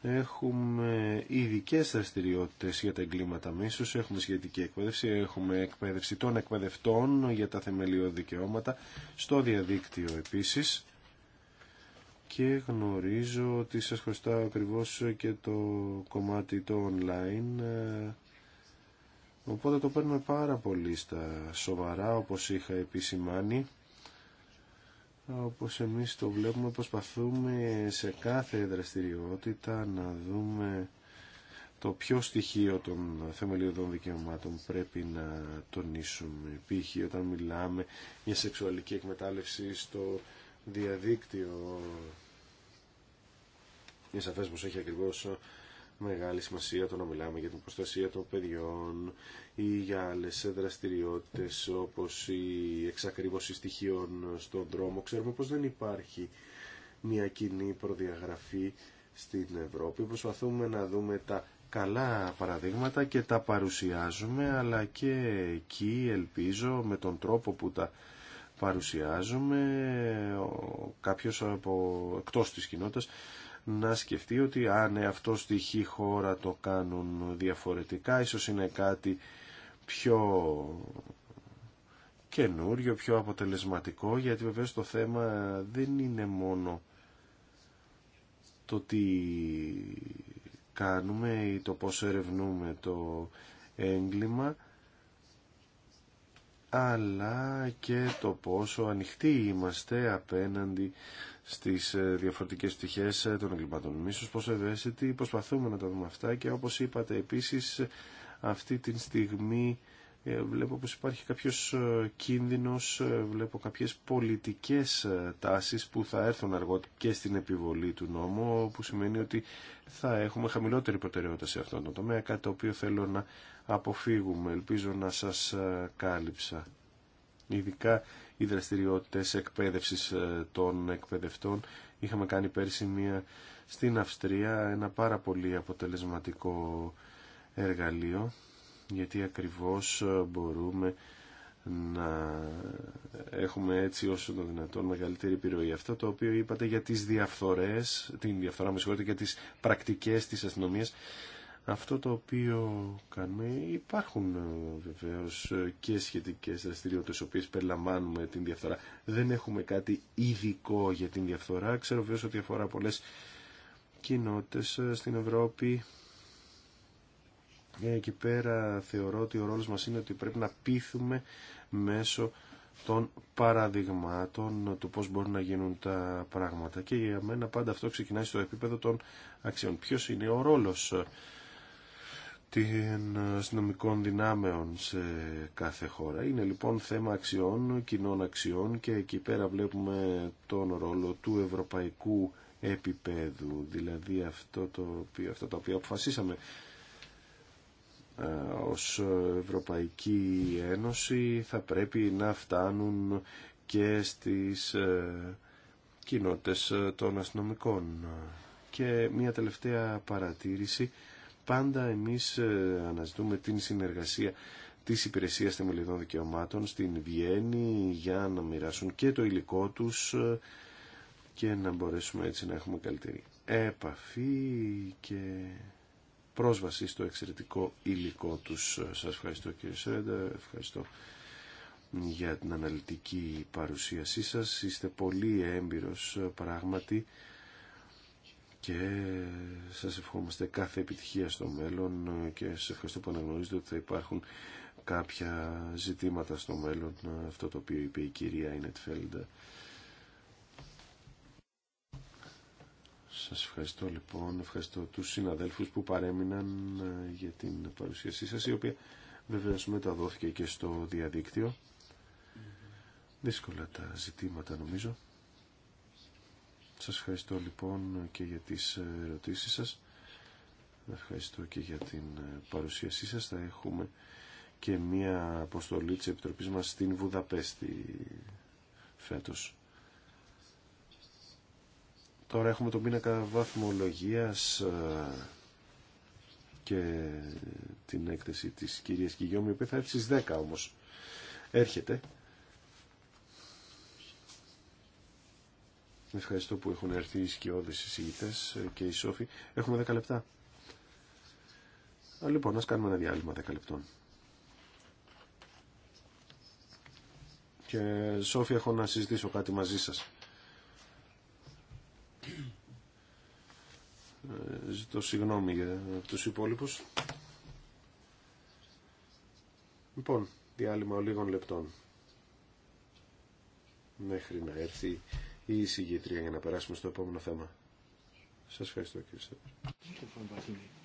Έχουμε ειδικέ δραστηριότητε για τα εγκλήματα μίσου, έχουμε σχετική εκπαίδευση, έχουμε εκπαίδευση των εκπαιδευτών για τα θεμελιώδη δικαιώματα, στο διαδίκτυο επίση. Και γνωρίζω ότι σα χρωστάω ακριβώ και το κομμάτι το online. Οπότε το παίρνουμε πάρα πολύ στα σοβαρά, όπως είχα επισημάνει όπως εμείς το βλέπουμε προσπαθούμε σε κάθε δραστηριότητα να δούμε το ποιο στοιχείο των θεμελιωδών δικαιωμάτων πρέπει να τονίσουμε. Π.χ. όταν μιλάμε για σεξουαλική εκμετάλλευση στο διαδίκτυο είναι σαφές πως έχει ακριβώς μεγάλη σημασία το να μιλάμε για την προστασία των παιδιών ή για άλλες δραστηριότητες όπως η για αλλε δραστηριοτητε οπως στοιχείων στον δρόμο. Ξέρουμε πως δεν υπάρχει μια κοινή προδιαγραφή στην Ευρώπη. Προσπαθούμε να δούμε τα καλά παραδείγματα και τα παρουσιάζουμε αλλά και εκεί ελπίζω με τον τρόπο που τα παρουσιάζουμε κάποιος από, εκτός της κοινότητας να σκεφτεί ότι αν ναι, αυτό στη χώρα το κάνουν διαφορετικά, ίσως είναι κάτι πιο καινούριο, πιο αποτελεσματικό, γιατί βέβαια το θέμα δεν είναι μόνο το τι κάνουμε ή το πώς ερευνούμε το έγκλημα, αλλά και το πόσο ανοιχτοί είμαστε απέναντι στις ε, διαφορετικές στοιχείες ε, των εγκληματών μίσους, πόσο ευαίσθητοι, προσπαθούμε να τα δούμε αυτά και όπως είπατε επίσης αυτή τη στιγμή ε, βλέπω πως υπάρχει κάποιος κίνδυνος, βλέπω κάποιες πολιτικές τάσεις που θα έρθουν αργότερα και στην επιβολή του νόμου, που σημαίνει ότι θα έχουμε χαμηλότερη προτεραιότητα σε αυτό το τομέα, κάτι το οποίο θέλω να αποφύγουμε. Ελπίζω να σας κάλυψα. Ειδικά οι δραστηριότητες εκπαίδευσης ε, των εκπαιδευτών. Είχαμε κάνει πέρσι μία στην Αυστρία ένα πάρα πολύ αποτελεσματικό εργαλείο γιατί ακριβώς ε, μπορούμε να έχουμε έτσι όσο το δυνατόν μεγαλύτερη επιρροή. Αυτό το οποίο είπατε για τις διαφθορές, την διαφθορά με συγχωρείτε, για τις πρακτικές της αστυνομίας αυτό το οποίο κάνουμε υπάρχουν ε, βεβαίως ε, και σχετικές δραστηριότητες οποίες περιλαμβάνουμε την διαφθορά. Δεν έχουμε κάτι ειδικό για την διαφθορά. Ξέρω βεβαίως ότι αφορά πολλές κοινότητες ε, στην Ευρώπη. Εκεί πέρα θεωρώ ότι ο ρόλος μας είναι ότι πρέπει να πείθουμε μέσω των παραδειγμάτων του πώς μπορούν να γίνουν τα πράγματα. Και για μένα πάντα αυτό ξεκινάει στο επίπεδο των αξιών. Ποιος είναι ο ρόλος των αστυνομικών δυνάμεων σε κάθε χώρα. Είναι λοιπόν θέμα αξιών, κοινών αξιών και εκεί πέρα βλέπουμε τον ρόλο του ευρωπαϊκού επίπεδου, δηλαδή αυτό το οποίο, αυτό το οποίο αποφασίσαμε ε, ως Ευρωπαϊκή Ένωση θα πρέπει να φτάνουν και στις ε, κοινότητες των αστυνομικών. Και μια τελευταία παρατήρηση πάντα εμείς ε, αναζητούμε την συνεργασία της Υπηρεσίας Θεμελιδών Δικαιωμάτων στην Βιέννη για να μοιράσουν και το υλικό τους ε, και να μπορέσουμε έτσι να έχουμε καλύτερη επαφή και πρόσβαση στο εξαιρετικό υλικό τους. Ε, σας ευχαριστώ κύριε Σρέντα, ευχαριστώ για την αναλυτική παρουσίασή σας. Είστε πολύ έμπειρος πράγματι και σας ευχόμαστε κάθε επιτυχία στο μέλλον και σας ευχαριστώ που αναγνωρίζετε ότι θα υπάρχουν κάποια ζητήματα στο μέλλον αυτό το οποίο είπε η κυρία Ινετφέλντ. Σας ευχαριστώ λοιπόν, ευχαριστώ τους συναδέλφους που παρέμειναν ε, για την παρουσίασή σας η οποία βεβαίως μεταδόθηκε και στο διαδίκτυο. Δύσκολα τα ζητήματα νομίζω. Σας ευχαριστώ λοιπόν και για τις ε, ερωτήσεις σας. Ευχαριστώ και για την ε, παρουσίασή σας. Θα έχουμε και μία αποστολή της Επιτροπής μας στην Βουδαπέστη φέτος. Τώρα έχουμε τον πίνακα βαθμολογίας ε, και την έκθεση της κυρίας Κιγιώμη, η οποία θα έρθει στις 10 όμως. Έρχεται. Ευχαριστώ που έχουν έρθει οι σκιώδες εισηγητές και οι σόφοι. Έχουμε 10 λεπτά. Λοιπόν, ας κάνουμε ένα διάλειμμα 10 λεπτών. Και σόφοι, έχω να συζητήσω κάτι μαζί σας. Ε, ζητώ συγγνώμη για τους υπόλοιπους. Λοιπόν, διάλειμμα λίγων λεπτών. Μέχρι να έρθει η εισηγήτρια για να περάσουμε στο επόμενο θέμα. Σας ευχαριστώ κύριε Στέπερ.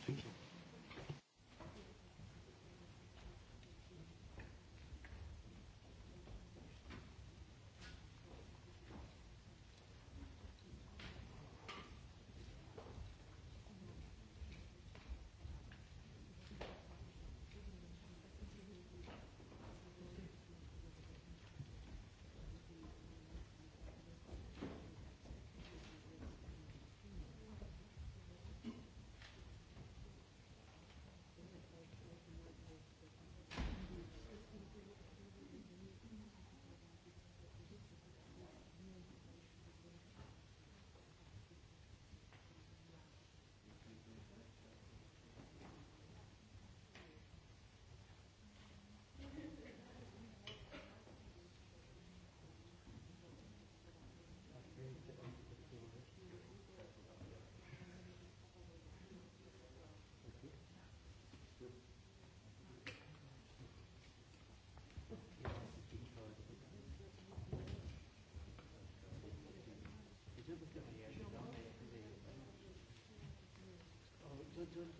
AUTHORWAVE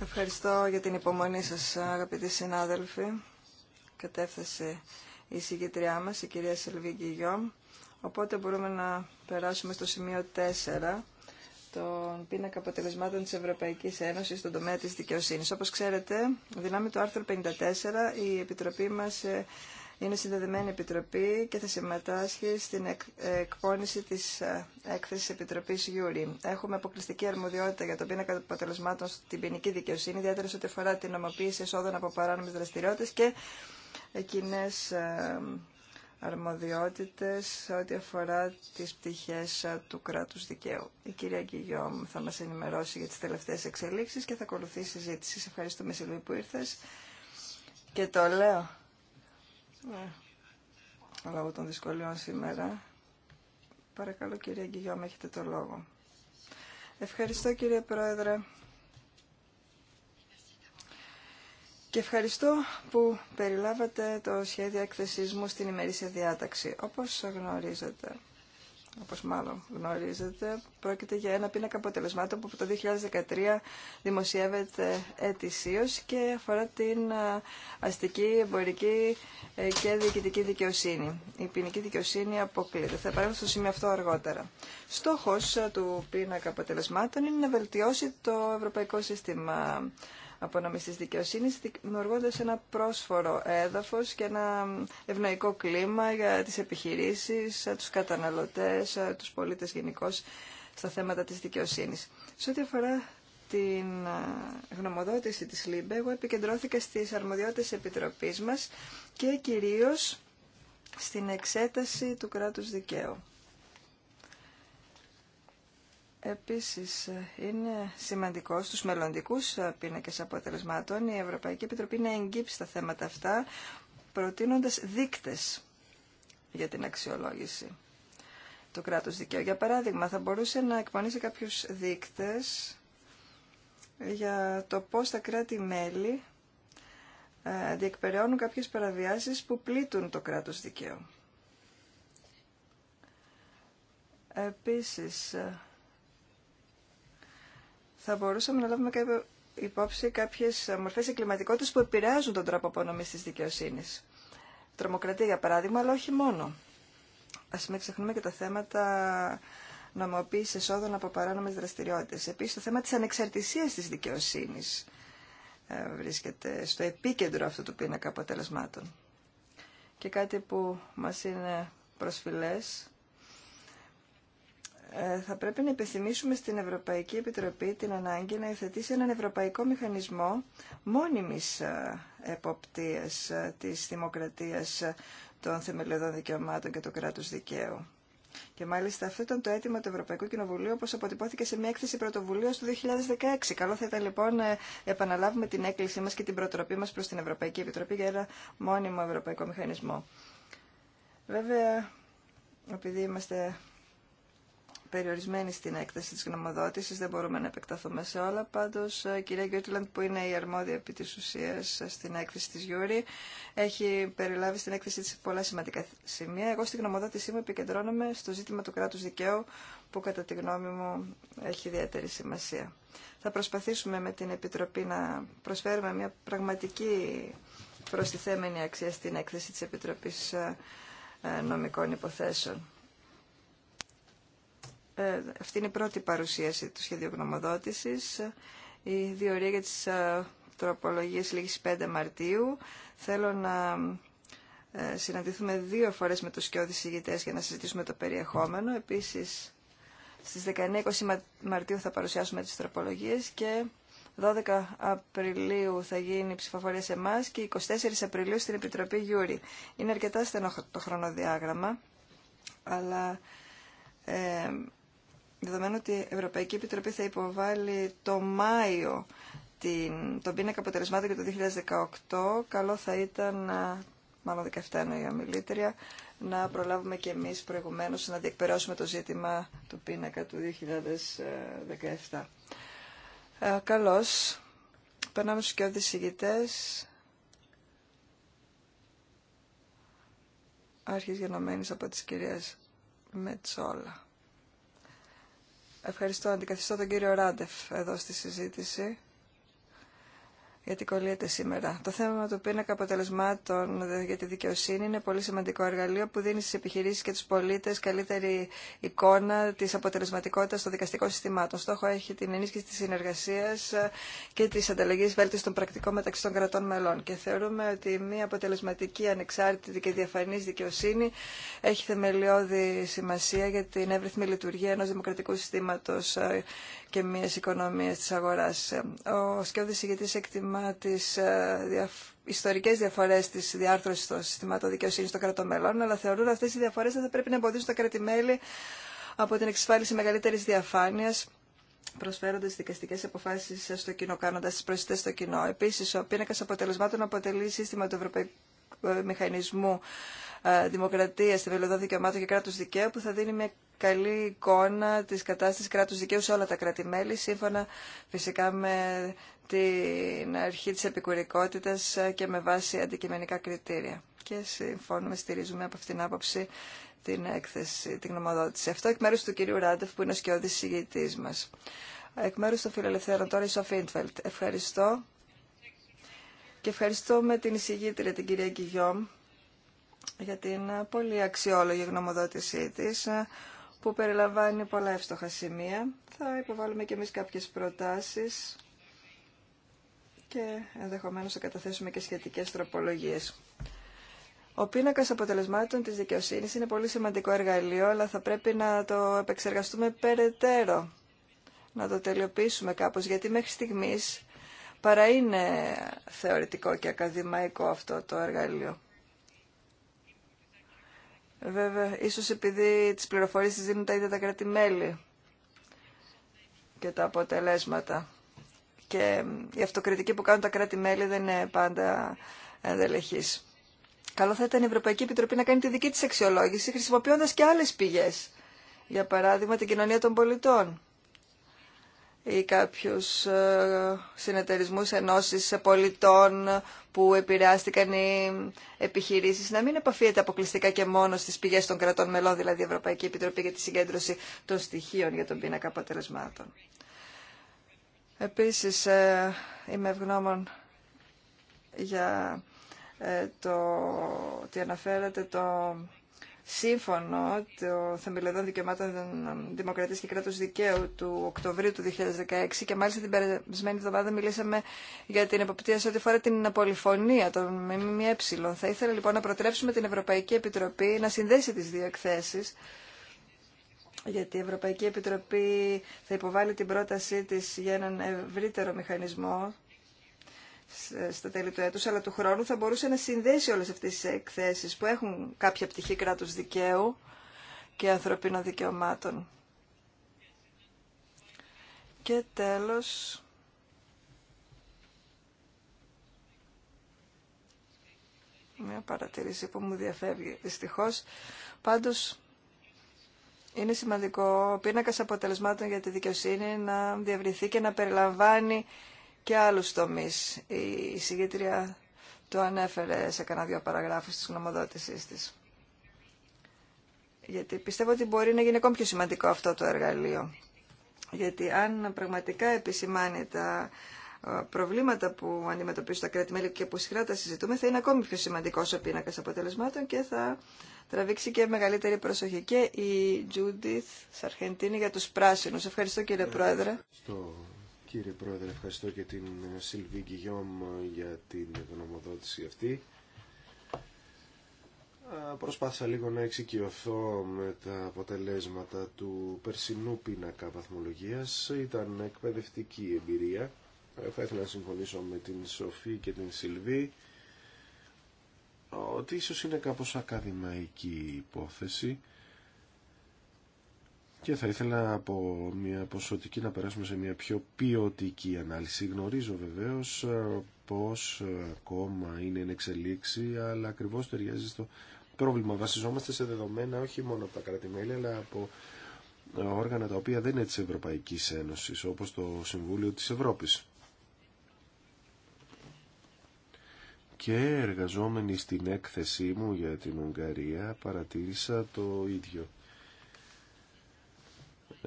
Ευχαριστώ για την υπομονή σας αγαπητοί συνάδελφοι. Κατέφθασε η συγκεκριά μας, η κυρία Σελβί Γιώμ. Οπότε μπορούμε να περάσουμε στο σημείο 4 των πίνακα αποτελεσμάτων της Ευρωπαϊκής Ένωσης στον τομέα της δικαιοσύνης. Όπως ξέρετε, δυνάμει το άρθρο 54, η Επιτροπή μας ε, είναι συνδεδεμένη επιτροπή και θα συμμετάσχει στην εκ, εκπόνηση της ε, έκθεσης Επιτροπής Γιούρι. Έχουμε αποκλειστική αρμοδιότητα για τον πίνακα αποτελεσμάτων στην ποινική δικαιοσύνη, ιδιαίτερα σε ό,τι αφορά την νομοποίηση εσόδων από παράνομες δραστηριότητες και κοινέ ε, αρμοδιότητες ό,τι αφορά τι πτυχέ ε, του κράτου δικαίου. Η κυρία Γκυγιόμ θα μα ενημερώσει για τι τελευταίε εξελίξει και θα ακολουθήσει η συζήτηση. Σε ευχαριστούμε Σιλβί που ήρθε Και το λέω ναι. Λόγω των δυσκολιών σήμερα. Παρακαλώ κυρία Γκυγιώμ, έχετε το λόγο. Ευχαριστώ κύριε Πρόεδρε. Και ευχαριστώ που περιλάβατε το σχέδιο εκθεσής μου στην ημερήσια διάταξη. Όπως γνωρίζετε, όπως μάλλον γνωρίζετε, πρόκειται για ένα πίνακα αποτελεσμάτων που από το 2013 δημοσιεύεται ετησίως και αφορά την αστική, εμπορική ε, και διοικητική δικαιοσύνη. Η ποινική δικαιοσύνη αποκλείεται. Θα επανέλθω στο σημείο αυτό αργότερα. Στόχος ε, του πίνακα αποτελεσμάτων είναι να βελτιώσει το ευρωπαϊκό σύστημα απονομής της δικαιοσύνης, δημιουργώντα ένα πρόσφορο έδαφος και ένα ευνοϊκό κλίμα για τις επιχειρήσεις, ε, τους καταναλωτές, ε, τους πολίτες γενικώ στα θέματα της δικαιοσύνης. Σε ό,τι αφορά την ε, γνωμοδότηση της ΛΥΜΠΕ, εγώ επικεντρώθηκα στις αρμοδιότητες επιτροπής μας και κυρίως στην εξέταση του κράτους δικαίου. Επίσης, είναι σημαντικό στους μελλοντικούς πίνακες αποτελεσμάτων η Ευρωπαϊκή Επιτροπή να εγκύψει τα θέματα αυτά, προτείνοντας δείκτες για την αξιολόγηση του κράτους δικαίου. Για παράδειγμα, θα μπορούσε να εκπονήσει κάποιους δείκτες για το πώς τα κράτη-μέλη ε, διεκπεραιώνουν κάποιες παραβιάσεις που πλήττουν το κράτος δικαίου. Επίσης, ε, θα μπορούσαμε να λάβουμε κάποιο υπόψη κάποιες μορφές εγκληματικότητα που επηρεάζουν τον τρόπο απονομή τη δικαιοσύνης. Τρομοκρατία για παράδειγμα, αλλά όχι μόνο. Ας μην ξεχνούμε και τα θέματα νομοποίηση εσόδων από παράνομε δραστηριότητες. Επίσης το θέμα της ανεξαρτησίας της δικαιοσύνης ε, βρίσκεται στο επίκεντρο αυτού του πίνακα αποτελεσμάτων. Και κάτι που μας είναι προσφυλές ε, θα πρέπει να υπενθυμίσουμε στην Ευρωπαϊκή Επιτροπή την ανάγκη να υιοθετήσει έναν ευρωπαϊκό μηχανισμό μόνιμης ε, εποπτείας ε, της δημοκρατίας των θεμελιωδών δικαιωμάτων και του κράτους δικαίου. Και μάλιστα αυτό ήταν το αίτημα του Ευρωπαϊκού Κοινοβουλίου, όπως αποτυπώθηκε σε μια έκθεση πρωτοβουλία του 2016. Καλό θα ήταν λοιπόν να επαναλάβουμε την έκκλησή μας και την προτροπή μας προς την Ευρωπαϊκή Επιτροπή για ένα μόνιμο ευρωπαϊκό μηχανισμό. Βέβαια, επειδή είμαστε περιορισμένη στην έκθεση της γνωμοδότησης, δεν μπορούμε να επεκταθούμε σε όλα. Πάντως, η ε, κυρία Γκέρτλαντ, που είναι η αρμόδια επί της ουσίας ε, στην έκθεση της Γιούρη, έχει περιλάβει στην έκθεση της πολλά σημαντικά σημεία. Εγώ στη γνωμοδότησή μου επικεντρώνομαι στο ζήτημα του κράτους δικαίου, που κατά τη γνώμη μου έχει ιδιαίτερη σημασία. Θα προσπαθήσουμε με την Επιτροπή να προσφέρουμε μια πραγματική προστιθέμενη αξία στην έκθεση της Επιτροπής ε, Νομικών Υποθέσεων. Ε, αυτή είναι η πρώτη παρουσίαση του σχεδίου γνωμοδότησης. Η διορία για τις ε, τροπολογίες λήγει 5 Μαρτίου. Θέλω να ε, συναντηθούμε δύο φορές με τους σκιώδης ηγητές για να συζητήσουμε το περιεχόμενο. Επίσης, στις 19-20 Μαρτίου θα παρουσιάσουμε τις τροπολογίες και 12 Απριλίου θα γίνει η ψηφοφορία σε εμά και 24 Απριλίου στην Επιτροπή Γιούρι. Είναι αρκετά στενό το χρονοδιάγραμμα, αλλά δεδομένου ότι η Ευρωπαϊκή Επιτροπή θα υποβάλει το Μάιο την, τον πίνακα αποτελεσμάτων για το 2018, καλό θα ήταν, μάλλον 17 είναι η ομιλήτρια, να προλάβουμε και εμείς προηγουμένως να διεκπαιρώσουμε το ζήτημα του πίνακα του 2017. Ε, καλώς. Περνάμε στους και ηγητές. να γενομένης από τις κυρίες Μετσόλα. Ευχαριστώ. Αντικαθιστώ τον κύριο Ράντεφ εδώ στη συζήτηση γιατί κολλείται σήμερα. Το θέμα του πίνακα αποτελεσμάτων για τη δικαιοσύνη είναι πολύ σημαντικό εργαλείο που δίνει στις επιχειρήσει και του πολίτε καλύτερη εικόνα τη αποτελεσματικότητα των δικαστικών συστημάτων. Στόχο έχει την ενίσχυση τη συνεργασία και τη ανταλλαγή των πρακτικών μεταξύ των κρατών μελών. Και θεωρούμε ότι μια αποτελεσματική, ανεξάρτητη και διαφανή δικαιοσύνη έχει θεμελιώδη σημασία για την εύρυθμη λειτουργία ενό δημοκρατικού συστήματο και μια οικονομία τη αγοράς. Ε, ο σκέφτης ηγετής εκτιμά τις ε, ιστορικές διαφορές τη διάρθρωσης των συστημάτων δικαιοσύνης των κρατομέλων, αλλά θεωρούν αυτές οι διαφορές θα πρέπει να εμποδίσουν τα κρατημέλη από την εξασφάλιση μεγαλύτερης διαφάνειας προσφέροντα δικαστικέ αποφάσει στο κοινό, κάνοντα τι προσιτέ στο κοινό. Επίση, ο πίνακα αποτελεσμάτων αποτελεί σύστημα του Ευρωπαϊκού ε, Μηχανισμού ε, δημοκρατία, θεμελιωδών δικαιωμάτων και κράτου δικαίου, που θα δίνει μια καλή εικόνα τη κατάστασης κράτου δικαίου σε όλα τα κράτη-μέλη, σύμφωνα φυσικά με την αρχή τη επικουρικότητα και με βάση αντικειμενικά κριτήρια. Και συμφώνουμε, στηρίζουμε από αυτήν την άποψη την έκθεση, την γνωμοδότηση. Αυτό εκ μέρου του κυρίου Ράντεφ που είναι ο σκιώδη συγγητή μα. Εκ μέρου των φιλελευθέρων τώρα η Σοφίντφελτ. Ευχαριστώ. Και ευχαριστώ με την εισηγήτρια την κυρία Κιγιόμ για την πολύ αξιόλογη γνωμοδότησή της ε, που περιλαμβάνει πολλά εύστοχα σημεία. Θα υποβάλουμε και εμείς κάποιες προτάσεις και ενδεχομένως θα καταθέσουμε και σχετικές τροπολογίες. Ο πίνακα αποτελεσμάτων τη δικαιοσύνη είναι πολύ σημαντικό εργαλείο, αλλά θα πρέπει να το επεξεργαστούμε περαιτέρω, να το τελειοποιήσουμε κάπω, γιατί μέχρι στιγμή παρά είναι θεωρητικό και ακαδημαϊκό αυτό το εργαλείο. Βέβαια, ίσως επειδή τις πληροφορίες τις δίνουν τα ίδια τα κρατημέλη και τα αποτελέσματα. Και η αυτοκριτική που κάνουν τα κράτη-μέλη δεν είναι πάντα ενδελεχής. Καλό θα ήταν η Ευρωπαϊκή Επιτροπή να κάνει τη δική της αξιολόγηση χρησιμοποιώντας και άλλες πηγές. Για παράδειγμα, την κοινωνία των πολιτών ή κάποιους ε, συνεταιρισμούς ενώσεις πολιτών που επηρεάστηκαν οι επιχειρήσεις να μην επαφίεται αποκλειστικά και μόνο στις πηγές των κρατών μελών, δηλαδή η Ευρωπαϊκή Επιτροπή για τη συγκέντρωση των στοιχείων για τον πίνακα αποτελεσμάτων. Επίσης, ε, είμαι ευγνώμων για ε, το ότι αναφέρατε το σύμφωνο των θεμελιωδών δικαιωμάτων δημοκρατίας και Κράτου δικαίου του Οκτωβρίου του 2016 και μάλιστα την περασμένη εβδομάδα μιλήσαμε για την εποπτεία σε ό,τι αφορά την πολυφωνία των ΜΜΕ. Θα ήθελα λοιπόν να προτρέψουμε την Ευρωπαϊκή Επιτροπή να συνδέσει τις δύο εκθέσεις γιατί η Ευρωπαϊκή Επιτροπή θα υποβάλει την πρότασή της για έναν ευρύτερο μηχανισμό στα τέλη του έτους, αλλά του χρόνου θα μπορούσε να συνδέσει όλες αυτές τις εκθέσεις που έχουν κάποια πτυχή κράτους δικαίου και ανθρωπίνων δικαιωμάτων. Και τέλος... Μια παρατηρήση που μου διαφεύγει δυστυχώς. Πάντως, είναι σημαντικό ο πίνακας αποτελεσμάτων για τη δικαιοσύνη να διαβριθεί και να περιλαμβάνει και άλλους τομείς. Η συγκεκριά το ανέφερε σε κανένα δύο παραγράφους της γνωμοδότησής της. Γιατί πιστεύω ότι μπορεί να γίνει ακόμη πιο σημαντικό αυτό το εργαλείο. Γιατί αν πραγματικά επισημάνει τα ε, προβλήματα που αντιμετωπίζουν τα κράτη-μέλη και που συχνά τα συζητούμε, θα είναι ακόμη πιο σημαντικό ο πίνακα αποτελεσμάτων και θα τραβήξει και μεγαλύτερη προσοχή. Και η Τζούντιθ Σαρχεντίνη για του πράσινου. Ευχαριστώ κύριε ε, Πρόεδρε. Κύριε Πρόεδρε, ευχαριστώ και την ε, Σιλβί Γκυγιόμ ε, για την γνωμοδότηση αυτή. Προσπάθησα λίγο να εξοικειωθώ με τα αποτελέσματα του περσινού πίνακα βαθμολογίας. Ήταν εκπαιδευτική εμπειρία. Θα ήθελα να συμφωνήσω με την Σοφή και την Σιλβί ότι ίσως είναι κάπως ακαδημαϊκή υπόθεση και θα ήθελα από μια ποσοτική να περάσουμε σε μια πιο ποιοτική ανάλυση. Γνωρίζω βεβαίως ε, πως ε, ακόμα είναι εν αλλά ακριβώς ταιριάζει στο πρόβλημα. Βασιζόμαστε σε δεδομένα όχι μόνο από τα κράτη-μέλη, αλλά από ε, όργανα τα οποία δεν είναι της Ευρωπαϊκής Ένωσης, όπως το Συμβούλιο της Ευρώπης. Και εργαζόμενοι στην έκθεσή μου για την Ουγγαρία παρατήρησα το ίδιο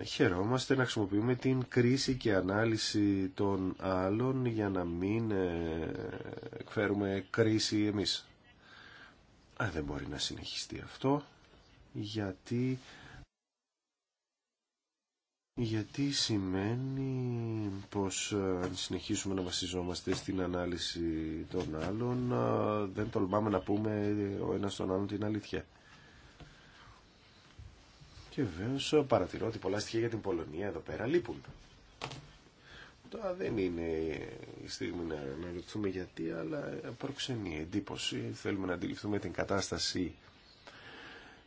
χαιρόμαστε να χρησιμοποιούμε την κρίση και ανάλυση των άλλων για να μην ε, εκφέρουμε κρίση εμείς. Α, δεν μπορεί να συνεχιστεί αυτό γιατί γιατί σημαίνει πως ε, αν συνεχίσουμε να βασιζόμαστε στην ανάλυση των άλλων ε, δεν τολμάμε να πούμε ο ένας τον άλλον την αλήθεια. Και βεβαίω παρατηρώ ότι πολλά στοιχεία για την Πολωνία εδώ πέρα λείπουν. Τώρα δεν είναι η στιγμή να αναρωτηθούμε γιατί, αλλά προξενεί εντύπωση. Θέλουμε να αντιληφθούμε την κατάσταση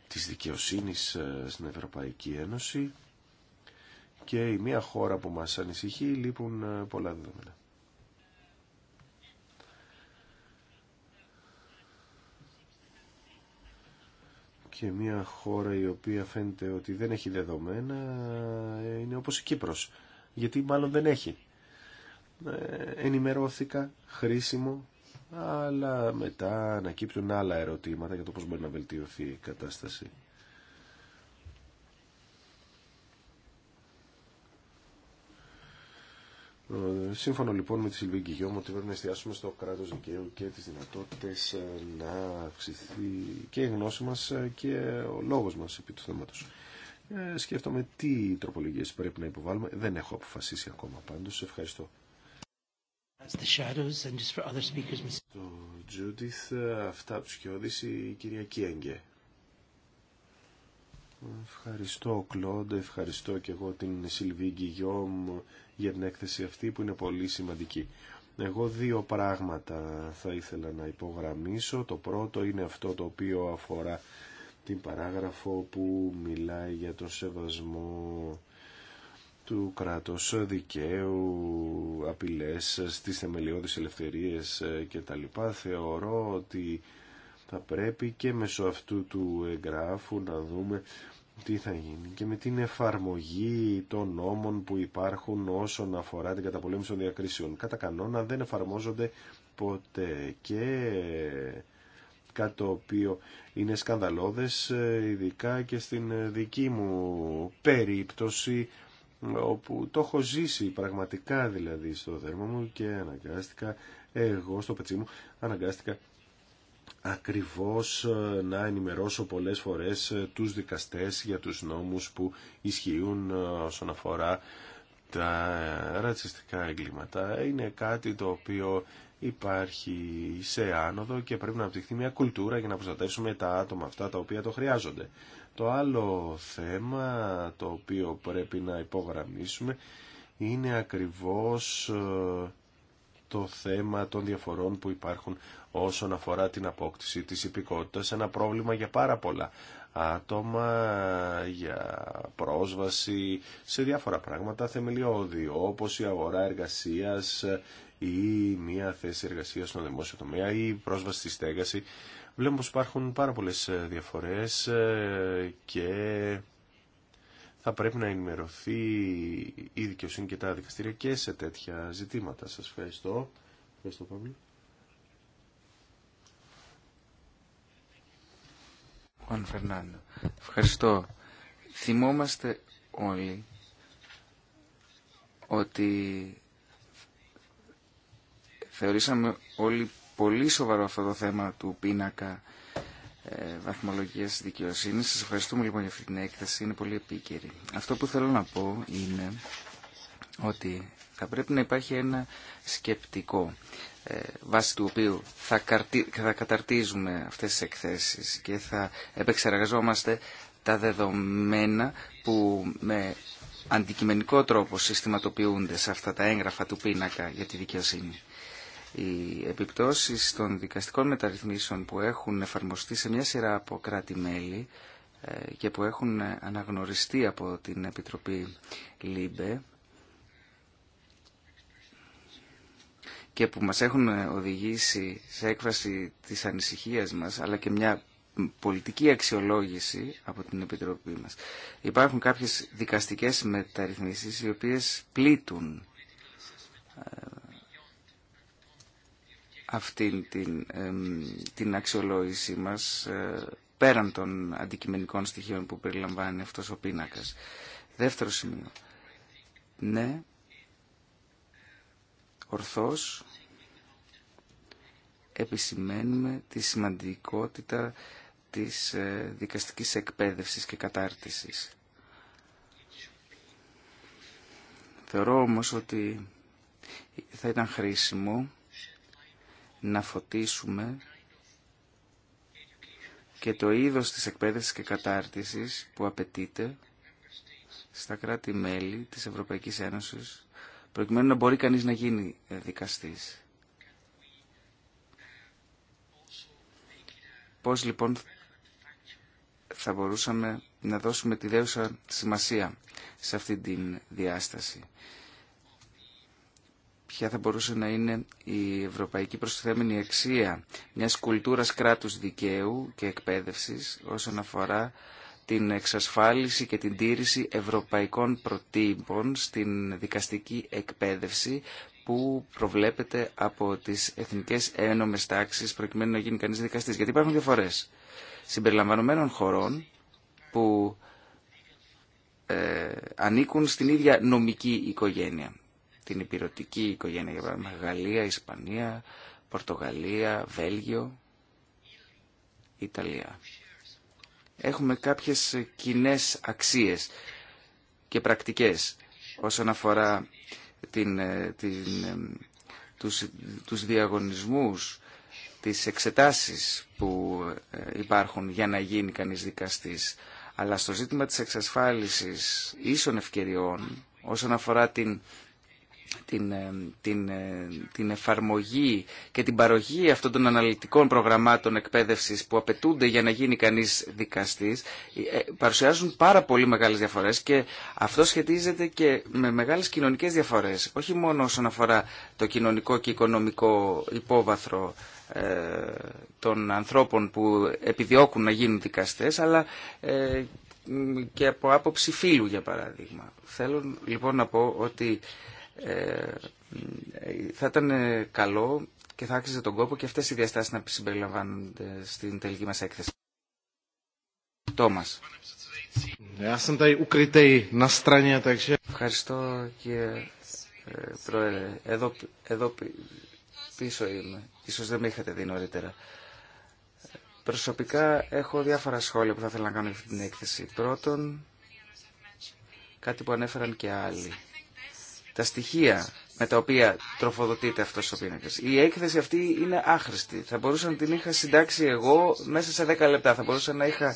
της δικαιοσύνης ε, στην Ευρωπαϊκή Ένωση και η μία χώρα που μας ανησυχεί λείπουν ε, πολλά δεδομένα. και μια χώρα η οποία φαίνεται ότι δεν έχει δεδομένα ε, είναι όπως η Κύπρος. Γιατί μάλλον δεν έχει. Ε, ενημερώθηκα, χρήσιμο, αλλά μετά ανακύπτουν άλλα ερωτήματα για το πώς μπορεί να βελτιωθεί η κατάσταση. Ε, σύμφωνα λοιπόν με τη Σιλβίκη Γιώμα ότι πρέπει να εστιάσουμε στο κράτος δικαίου και τις δυνατότητες ε, να αυξηθεί και η γνώση μας ε, και ο λόγος μας επί του θέματος. Σκέφτομαι τι τροπολογίες πρέπει να υποβάλουμε. Δεν έχω αποφασίσει ακόμα πάντως. Ευχαριστώ. Το Judith, αυτά που και η κυρία Κιέγγε. Ευχαριστώ Κλόντ, ευχαριστώ και εγώ την Σιλβίγκη Γκυγιόμ για την έκθεση αυτή που είναι πολύ σημαντική. Εγώ δύο πράγματα θα ήθελα να υπογραμμίσω. Το πρώτο είναι αυτό το οποίο αφορά την παράγραφο που μιλάει για τον σεβασμό του κράτους δικαίου, απειλές στις θεμελιώδεις ελευθερίες κτλ. Θεωρώ ότι θα πρέπει και μέσω αυτού του εγγράφου να δούμε τι θα γίνει και με την εφαρμογή των νόμων που υπάρχουν όσον αφορά την καταπολέμηση των διακρίσεων. Κατά κανόνα δεν εφαρμόζονται ποτέ και κάτι το οποίο είναι σκανδαλώδες ειδικά και στην δική μου περίπτωση όπου το έχω ζήσει πραγματικά δηλαδή στο δέρμα μου και αναγκάστηκα εγώ στο πετσί μου αναγκάστηκα ακριβώς ε, να ενημερώσω πολλές φορές ε, τους δικαστές για τους νόμους που ισχύουν ε, όσον αφορά τα ρατσιστικά εγκλήματα. Είναι κάτι το οποίο υπάρχει σε άνοδο και πρέπει να αναπτυχθεί μια κουλτούρα για να προστατεύσουμε τα άτομα αυτά τα οποία το χρειάζονται. Το άλλο θέμα το οποίο πρέπει να υπογραμμίσουμε είναι ακριβώς το θέμα των διαφορών που υπάρχουν όσον αφορά την απόκτηση της υπηκότητας. Ένα πρόβλημα για πάρα πολλά άτομα, για πρόσβαση σε διάφορα πράγματα θεμελιώδη, όπως η αγορά εργασίας ή μια θέση εργασίας στον δημόσιο τομέα ή πρόσβαση στη στέγαση. Βλέπουμε πως υπάρχουν πάρα πολλές διαφορές ε, και θα πρέπει να ενημερωθεί η δικαιοσύνη και τα δικαστήρια και σε τέτοια ζητήματα. Σας ευχαριστώ. Ευχαριστώ πολύ. Juan Fernando. Ευχαριστώ. Θυμόμαστε όλοι ότι θεωρήσαμε όλοι πολύ σοβαρό αυτό το θέμα του πίνακα ε, Βαθμολογία δικαιοσύνης. σα ευχαριστούμε λοιπόν για αυτή την έκθεση, είναι πολύ επίκαιρη. Αυτό που θέλω να πω είναι ότι θα πρέπει να υπάρχει ένα σκεπτικό ε, βάσει του οποίου θα, θα καταρτίζουμε αυτές τις εκθέσεις και θα επεξεργαζόμαστε τα δεδομένα που με αντικειμενικό τρόπο συστηματοποιούνται σε αυτά τα έγγραφα του πίνακα για τη δικαιοσύνη. Οι επιπτώσεις των δικαστικών μεταρρυθμίσεων που έχουν εφαρμοστεί σε μια σειρά από κράτη-μέλη ε, και που έχουν αναγνωριστεί από την Επιτροπή ΛΥΜΠΕ και που μας έχουν οδηγήσει σε έκφραση της ανησυχίας μας αλλά και μια πολιτική αξιολόγηση από την Επιτροπή μας. Υπάρχουν κάποιες δικαστικές μεταρρυθμίσεις οι οποίες πλήττουν ε, αυτή την, την αξιολόγησή μας ε, πέραν των αντικειμενικών στοιχείων που περιλαμβάνει αυτός ο πίνακας. Δεύτερο σημείο. Ναι, ορθώς επισημαίνουμε τη σημαντικότητα της ε, δικαστικής εκπαίδευσης και κατάρτισης. Θεωρώ όμως ότι θα ήταν χρήσιμο να φωτίσουμε και το είδος της εκπαίδευσης και κατάρτισης που απαιτείται στα κράτη-μέλη της Ευρωπαϊκής Ένωσης προκειμένου να μπορεί κανείς να γίνει ε, δικαστής. Πώς λοιπόν θα μπορούσαμε να δώσουμε τη δέουσα σημασία σε αυτή τη διάσταση ποια θα μπορούσε να είναι η ευρωπαϊκή προστιθέμενη αξία μιας κουλτούρας κράτους δικαίου και εκπαίδευσης όσον αφορά την εξασφάλιση και την τήρηση ευρωπαϊκών προτύπων στην δικαστική εκπαίδευση που προβλέπεται από τις εθνικές ένομες τάξεις προκειμένου να γίνει κανείς δικαστής. Γιατί υπάρχουν διαφορές συμπεριλαμβανομένων χωρών που ε, ανήκουν στην ίδια νομική οικογένεια την υπηρετική οικογένεια, για παράδειγμα Γαλλία, Ισπανία, Πορτογαλία, Βέλγιο, Ιταλία. Έχουμε κάποιες κοινέ αξίες και πρακτικές όσον αφορά την, ε, την, ε, τους, τους διαγωνισμούς, τις εξετάσεις που ε, υπάρχουν για να γίνει κανείς δικαστής. Αλλά στο ζήτημα της εξασφάλισης ίσων ευκαιριών όσον αφορά την την, ε, την, ε, την εφαρμογή και την παροχή αυτών των αναλυτικών προγραμμάτων εκπαίδευσης που απαιτούνται για να γίνει κανείς δικαστής ε, παρουσιάζουν πάρα πολύ μεγάλες διαφορές και αυτό σχετίζεται και με μεγάλες κοινωνικές διαφορές όχι μόνο όσον αφορά το κοινωνικό και οικονομικό υπόβαθρο των ανθρώπων που επιδιώκουν να γίνουν δικαστές αλλά και από άποψη φίλου για παράδειγμα. Θέλω λοιπόν να πω ότι ε, θα ήταν ε, καλό και θα άξιζε τον κόπο και αυτές οι διαστάσεις να συμπεριλαμβάνονται στην τελική μας έκθεση. Τόμας. Ευχαριστώ κύριε ε, Πρόεδρε. Εδώ, εδώ πίσω είμαι. Ίσως δεν με είχατε δει νωρίτερα. Προσωπικά έχω διάφορα σχόλια που θα ήθελα να κάνω για αυτή την έκθεση. Πρώτον, κάτι που ανέφεραν και άλλοι τα στοιχεία με τα οποία τροφοδοτείται αυτός ο πίνακας. Η έκθεση αυτή είναι άχρηστη. Θα μπορούσα να την είχα συντάξει εγώ μέσα σε 10 λεπτά. Θα μπορούσα να είχα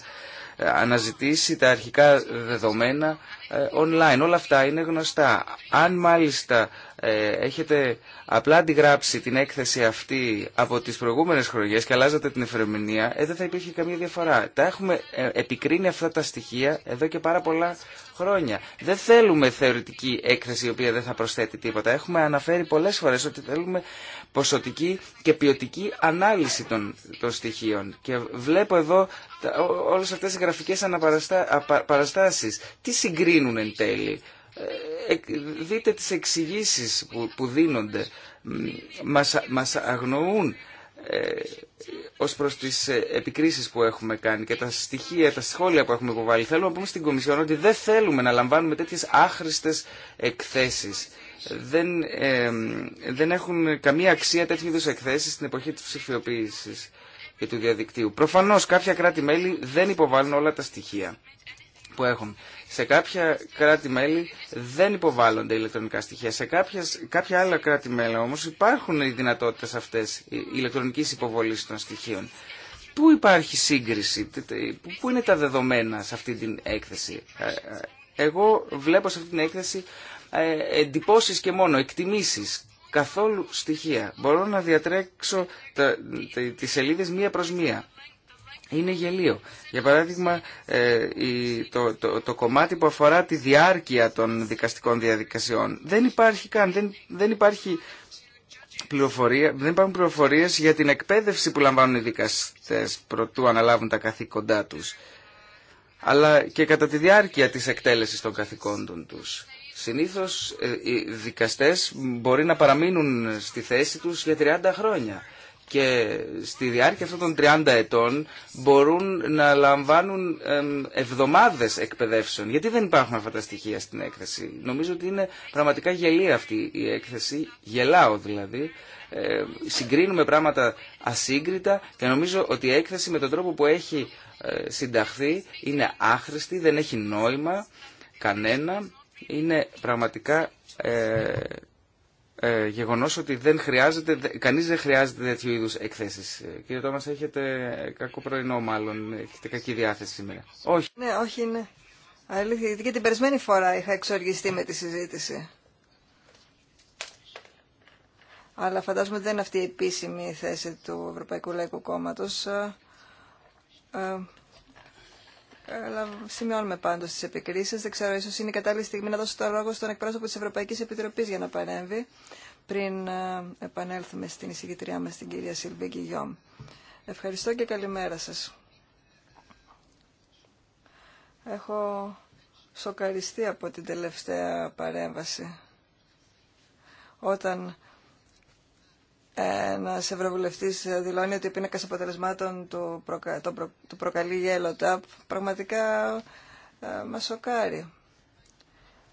ε, αναζητήσει τα αρχικά δεδομένα ε, online. Όλα αυτά είναι γνωστά. Αν μάλιστα ε, έχετε απλά αντιγράψει την έκθεση αυτή από τις προηγούμενες χρονιές και αλλάζατε την εφερμηνία, ε, δεν θα υπήρχε καμία διαφορά. Τα έχουμε ε, επικρίνει αυτά τα στοιχεία εδώ και πάρα πολλά χρόνια. Δεν θέλουμε θεωρητική έκθεση η οποία δεν θα προσθέτει τίποτα. Έχουμε αναφέρει πολλές φορές ότι θέλουμε ποσοτική και ποιοτική ανάλυση των, των στοιχείων. Και βλέπω εδώ όλες αυτές οι γραφικές αναπαραστάσεις. Τι συγκρίνουν εν τέλει. Ε, δείτε τις εξηγήσει που, δίνονται. Μας, μας αγνοούν ε, ως προς τις ε, επικρίσεις που έχουμε κάνει και τα στοιχεία, τα σχόλια που έχουμε υποβάλει. Θέλουμε να πούμε στην Κομισιόν ότι δεν θέλουμε να λαμβάνουμε τέτοιες άχρηστες εκθέσεις. Δεν, ε, δεν έχουν καμία αξία τέτοιου είδους εκθέσεις στην εποχή της ψηφιοποίησης και του διαδικτύου. Προφανώς κάποια κράτη-μέλη δεν υποβάλλουν όλα τα στοιχεία που έχουμε. Σε κάποια κράτη-μέλη δεν υποβάλλονται ηλεκτρονικά στοιχεία. Σε κάποιες, κάποια άλλα κράτη-μέλη όμως υπάρχουν οι δυνατότητες αυτές ηλεκτρονικής υποβολής των στοιχείων. Πού υπάρχει σύγκριση, πού είναι τα δεδομένα σε αυτή την έκθεση. Ε, ε, εγώ βλέπω σε αυτή την έκθεση ε, εντυπώσεις και μόνο, εκτιμήσεις, καθόλου στοιχεία. Μπορώ να διατρέξω τα, τις σελίδες μία προς μία είναι γελίο. Για παράδειγμα, ε, το, το, το κομμάτι που αφορά τη διάρκεια των δικαστικών διαδικασιών. Δεν υπάρχει καν, δεν, δεν υπάρχει πληροφορία, δεν υπάρχουν πληροφορίες για την εκπαίδευση που λαμβάνουν οι δικαστές προτού αναλάβουν τα καθήκοντά τους. Αλλά και κατά τη διάρκεια της εκτέλεσης των καθηκόντων τους. Συνήθως ε, οι δικαστές μπορεί να παραμείνουν στη θέση τους για 30 χρόνια και στη διάρκεια αυτών των 30 ετών μπορούν να λαμβάνουν εβδομάδες εκπαιδεύσεων. Γιατί δεν υπάρχουν αυτά τα στοιχεία στην έκθεση. Νομίζω ότι είναι πραγματικά γελία αυτή η έκθεση, γελάω δηλαδή. Ε, συγκρίνουμε πράγματα ασύγκριτα και νομίζω ότι η έκθεση με τον τρόπο που έχει ε, συνταχθεί είναι άχρηστη, δεν έχει νόημα κανένα. Είναι πραγματικά... Ε, ε, γεγονός ότι δεν χρειάζεται, κανείς δεν χρειάζεται τέτοιου είδους εκθέσεις. Ε, κύριε Τόμας, έχετε κακό πρωινό μάλλον, έχετε κακή διάθεση σήμερα. Όχι. Ναι, όχι, ναι. Αλήθεια, γιατί και την περισμένη φορά είχα εξοργιστεί με τη συζήτηση. Αλλά φαντάζομαι ότι δεν είναι αυτή η επίσημη θέση του Ευρωπαϊκού Λαϊκού Κόμματος. Ε, ε, Σημειώνουμε πάντω τι επικρίσεις. Δεν ξέρω, ίσως είναι η κατάλληλη στιγμή να δώσω το λόγο στον εκπρόσωπο τη Ευρωπαϊκής Επιτροπής για να παρέμβει πριν ε, επανέλθουμε στην εισηγητριά μα την κυρία Σιλβί Γιώμ. Ευχαριστώ και καλημέρα σας. Έχω σοκαριστεί από την τελευταία παρέμβαση. Όταν ένα ευρωβουλευτή δηλώνει ότι ο πίνακα αποτελεσμάτων του, του προκαλεί γέλο τάπ, πραγματικά ε, μα σοκάρει.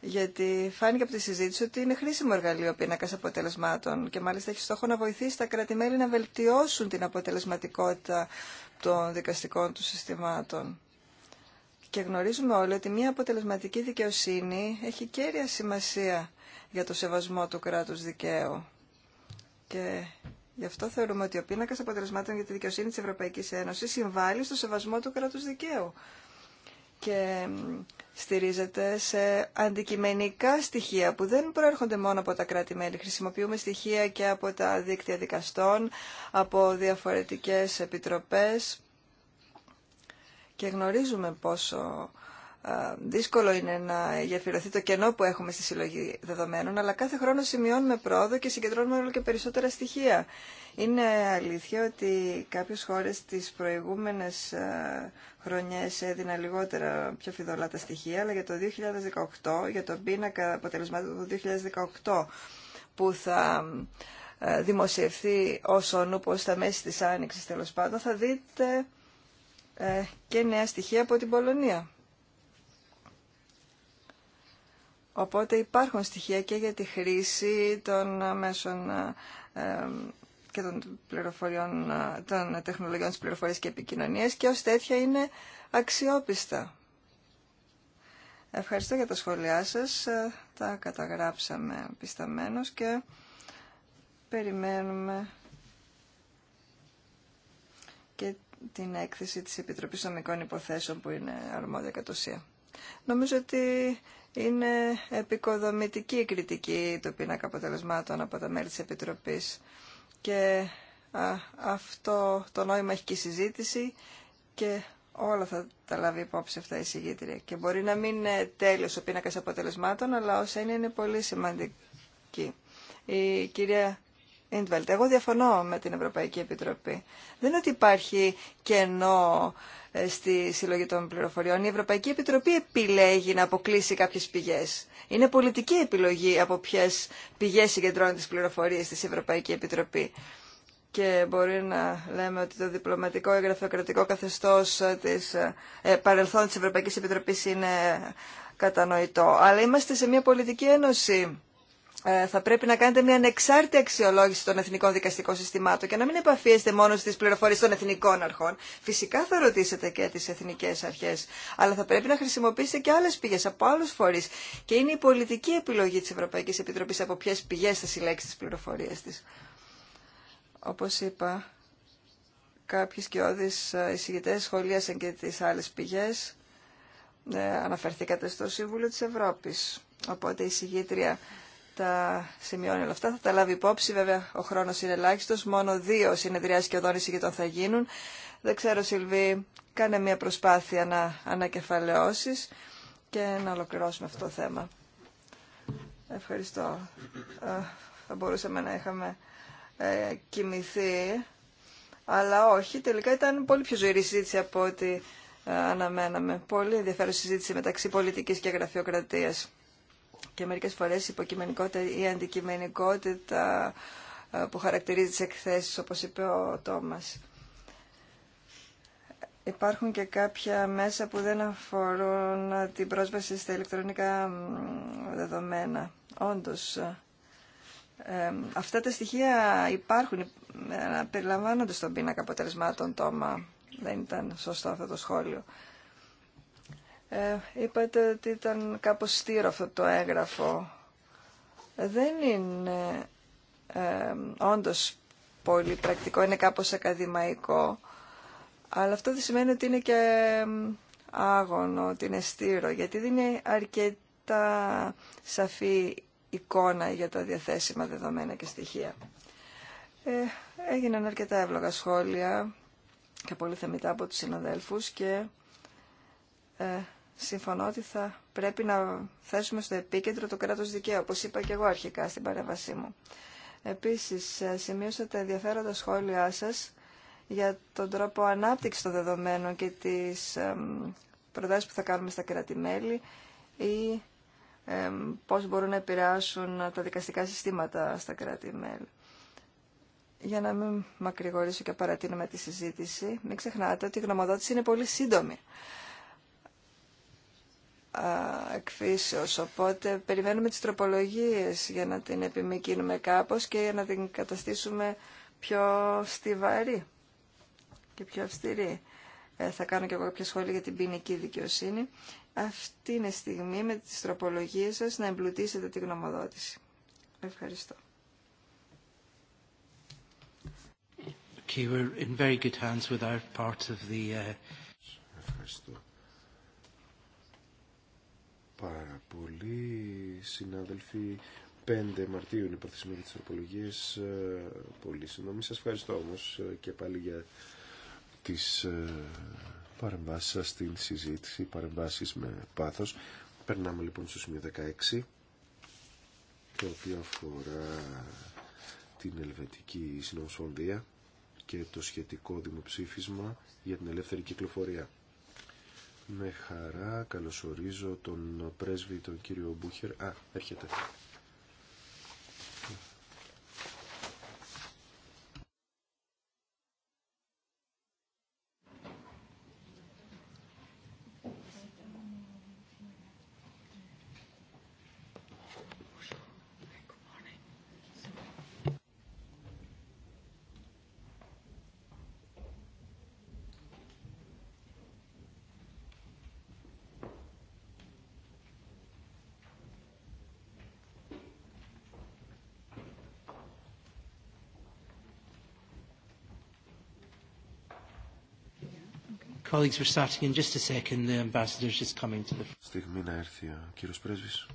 Γιατί φάνηκε από τη συζήτηση ότι είναι χρήσιμο εργαλείο ο πίνακα αποτελεσμάτων και μάλιστα έχει στόχο να βοηθήσει τα κράτη-μέλη να βελτιώσουν την αποτελεσματικότητα των δικαστικών του συστημάτων. Και γνωρίζουμε όλοι ότι μια αποτελεσματική δικαιοσύνη έχει κέρια σημασία για το σεβασμό του κράτους δικαίου και γι' αυτό θεωρούμε ότι ο πίνακα αποτελεσμάτων για τη δικαιοσύνη τη Ευρωπαϊκή Ένωση συμβάλλει στο σεβασμό του κράτου δικαίου και στηρίζεται σε αντικειμενικά στοιχεία που δεν προέρχονται μόνο από τα κράτη-μέλη. Χρησιμοποιούμε στοιχεία και από τα δίκτυα δικαστών, από διαφορετικές επιτροπές και γνωρίζουμε πόσο δύσκολο είναι να γεφυρωθεί το κενό που έχουμε στη συλλογή δεδομένων, αλλά κάθε χρόνο σημειώνουμε πρόοδο και συγκεντρώνουμε όλο και περισσότερα στοιχεία. Είναι αλήθεια ότι κάποιες χώρες τις προηγούμενες χρονιές έδιναν λιγότερα πιο φιδωλά τα στοιχεία, αλλά για το 2018, για τον πίνακα αποτελεσμάτων του 2018, που θα δημοσιευθεί ως ο στα μέση της Άνοιξης τέλος πάντων, θα δείτε ε, και νέα στοιχεία από την Πολωνία. Οπότε υπάρχουν στοιχεία και για τη χρήση των μέσων ε, και των, πληροφοριών, των τεχνολογιών της πληροφορίας και επικοινωνίας και ως τέτοια είναι αξιόπιστα. Ευχαριστώ για τα σχόλιά σας. Ε, τα καταγράψαμε πισταμένος και περιμένουμε και την έκθεση της Επιτροπής Νομικών Υποθέσεων που είναι αρμόδια κατ' ουσία. Νομίζω ότι είναι επικοδομητική η κριτική του πίνακα αποτελεσμάτων από τα μέλη της Επιτροπής και αυτό το νόημα έχει και η συζήτηση και όλα θα τα λάβει υπόψη αυτά η συγγήτρια. Και μπορεί να μην είναι τέλειος ο πίνακας αποτελεσμάτων, αλλά όσα είναι είναι πολύ σημαντική. Η κυρία Ιντβελτ. Εγώ διαφωνώ με την Ευρωπαϊκή Επιτροπή. Δεν είναι ότι υπάρχει κενό ε, στη συλλογή των πληροφοριών. Η Ευρωπαϊκή Επιτροπή επιλέγει να αποκλείσει κάποιε πηγέ. Είναι πολιτική επιλογή από ποιε πηγέ συγκεντρώνει τι πληροφορίε τη Ευρωπαϊκή Επιτροπή. Και μπορεί να λέμε ότι το διπλωματικό ή γραφειοκρατικό καθεστώς της ε, παρελθόν τη Ευρωπαϊκή Επιτροπή είναι κατανοητό. Αλλά είμαστε σε μια πολιτική ένωση ε, θα πρέπει να κάνετε μια ανεξάρτητη αξιολόγηση των εθνικών δικαστικών συστημάτων και να μην επαφίεστε μόνο στις πληροφορίες των εθνικών αρχών. Φυσικά θα ρωτήσετε και τις εθνικές αρχές, αλλά θα πρέπει να χρησιμοποιήσετε και άλλες πηγές από άλλους φορείς. Και είναι η πολιτική επιλογή της Ευρωπαϊκής Επιτροπής από ποιες πηγές θα συλλέξει τις πληροφορίες της. Όπως είπα, κάποιοι σκιώδεις ε, εισηγητές σχολίασαν και τις άλλες πηγές. Ε, αναφερθήκατε στο Σύμβουλο της Ευρώπης. Οπότε η συγγήτρια τα σημειώνει όλα αυτά. Θα τα λάβει υπόψη. Βέβαια, ο χρόνο είναι ελάχιστο. Μόνο δύο συνεδριάσει και οδόνηση για τον θα γίνουν. Δεν ξέρω, Σιλβί, κάνε μια προσπάθεια να ανακεφαλαιώσει και να ολοκληρώσουμε αυτό το θέμα. Ευχαριστώ. Ε, θα μπορούσαμε να είχαμε ε, κοιμηθεί, αλλά όχι. Τελικά ήταν πολύ πιο ζωηρή συζήτηση από ό,τι ε, αναμέναμε. Πολύ ενδιαφέρον συζήτηση μεταξύ πολιτικής και γραφειοκρατίας και μερικές φορές η υποκειμενικότητα ή η αντικειμενικοτητα ε, που χαρακτηρίζει τις εκθέσεις, όπως είπε ο Τόμας. Υπάρχουν και κάποια μέσα που δεν αφορούν την πρόσβαση στα ηλεκτρονικά δεδομένα. Όντως, ε, ε, αυτά τα στοιχεία υπάρχουν, περιλαμβάνονται στον πίνακα αποτελεσμάτων, Τόμα. Δεν ήταν σωστό αυτό το σχόλιο. Ε, είπατε ότι ήταν κάπως στήρο αυτό το έγγραφο. Δεν είναι ε, όντως πολύ πρακτικό, είναι κάπως ακαδημαϊκό, αλλά αυτό δεν σημαίνει ότι είναι και άγωνο, ότι είναι στήρο, γιατί δεν είναι αρκετά σαφή εικόνα για τα διαθέσιμα δεδομένα και στοιχεία. Ε, έγιναν αρκετά εύλογα σχόλια και πολύ θεμητά από τους συναδέλφους και ε, συμφωνώ ότι θα πρέπει να θέσουμε στο επίκεντρο το κράτος δικαίου, όπως είπα και εγώ αρχικά στην παρέμβασή μου. Επίσης, ε, σημείωσατε ενδιαφέροντα σχόλιά σας για τον τρόπο ανάπτυξης των δεδομένων και τις προτάσεις που θα κάνουμε στα κράτη-μέλη ή πώς μπορούν να επηρεάσουν τα δικαστικά συστήματα στα κράτη-μέλη. Για να μην μακρηγορήσω και παρατείνουμε τη συζήτηση, μην ξεχνάτε ότι η γνωμοδότηση είναι πολύ σύντομη εκφύσεως, οπότε περιμένουμε τις τροπολογίες για να την επιμηκύνουμε κάπως και για να την καταστήσουμε πιο στιβαρή και πιο αυστηρή. Ε, θα κάνω και εγώ κάποια σχόλια για την ποινική δικαιοσύνη. Αυτή είναι στιγμή με τις τροπολογίες σας να εμπλουτίσετε τη γνωμοδότηση. Ευχαριστώ. Okay, we're in very good hands with our part of the... Uh, Ευχαριστώ πάρα πολύ, συνάδελφοι. 5 Μαρτίου είναι η προθεσμία της τροπολογίας. Ε, πολύ συγγνώμη. Σας ευχαριστώ όμως ε, και πάλι για τις ε, παρεμβάσεις σας στην συζήτηση, παρεμβάσεις με πάθος. Περνάμε λοιπόν στο σημείο 16, το οποίο αφορά την Ελβετική Συνομοσπονδία και το σχετικό δημοψήφισμα για την ελεύθερη κυκλοφορία. Με χαρά καλωσορίζω τον πρέσβη τον κύριο Μπούχερ. Α, έρχεται. Colleagues, we're starting in just a second. The ambassador's just coming to the... Στιγμή να έρθει ο κύριος Πρέσβης.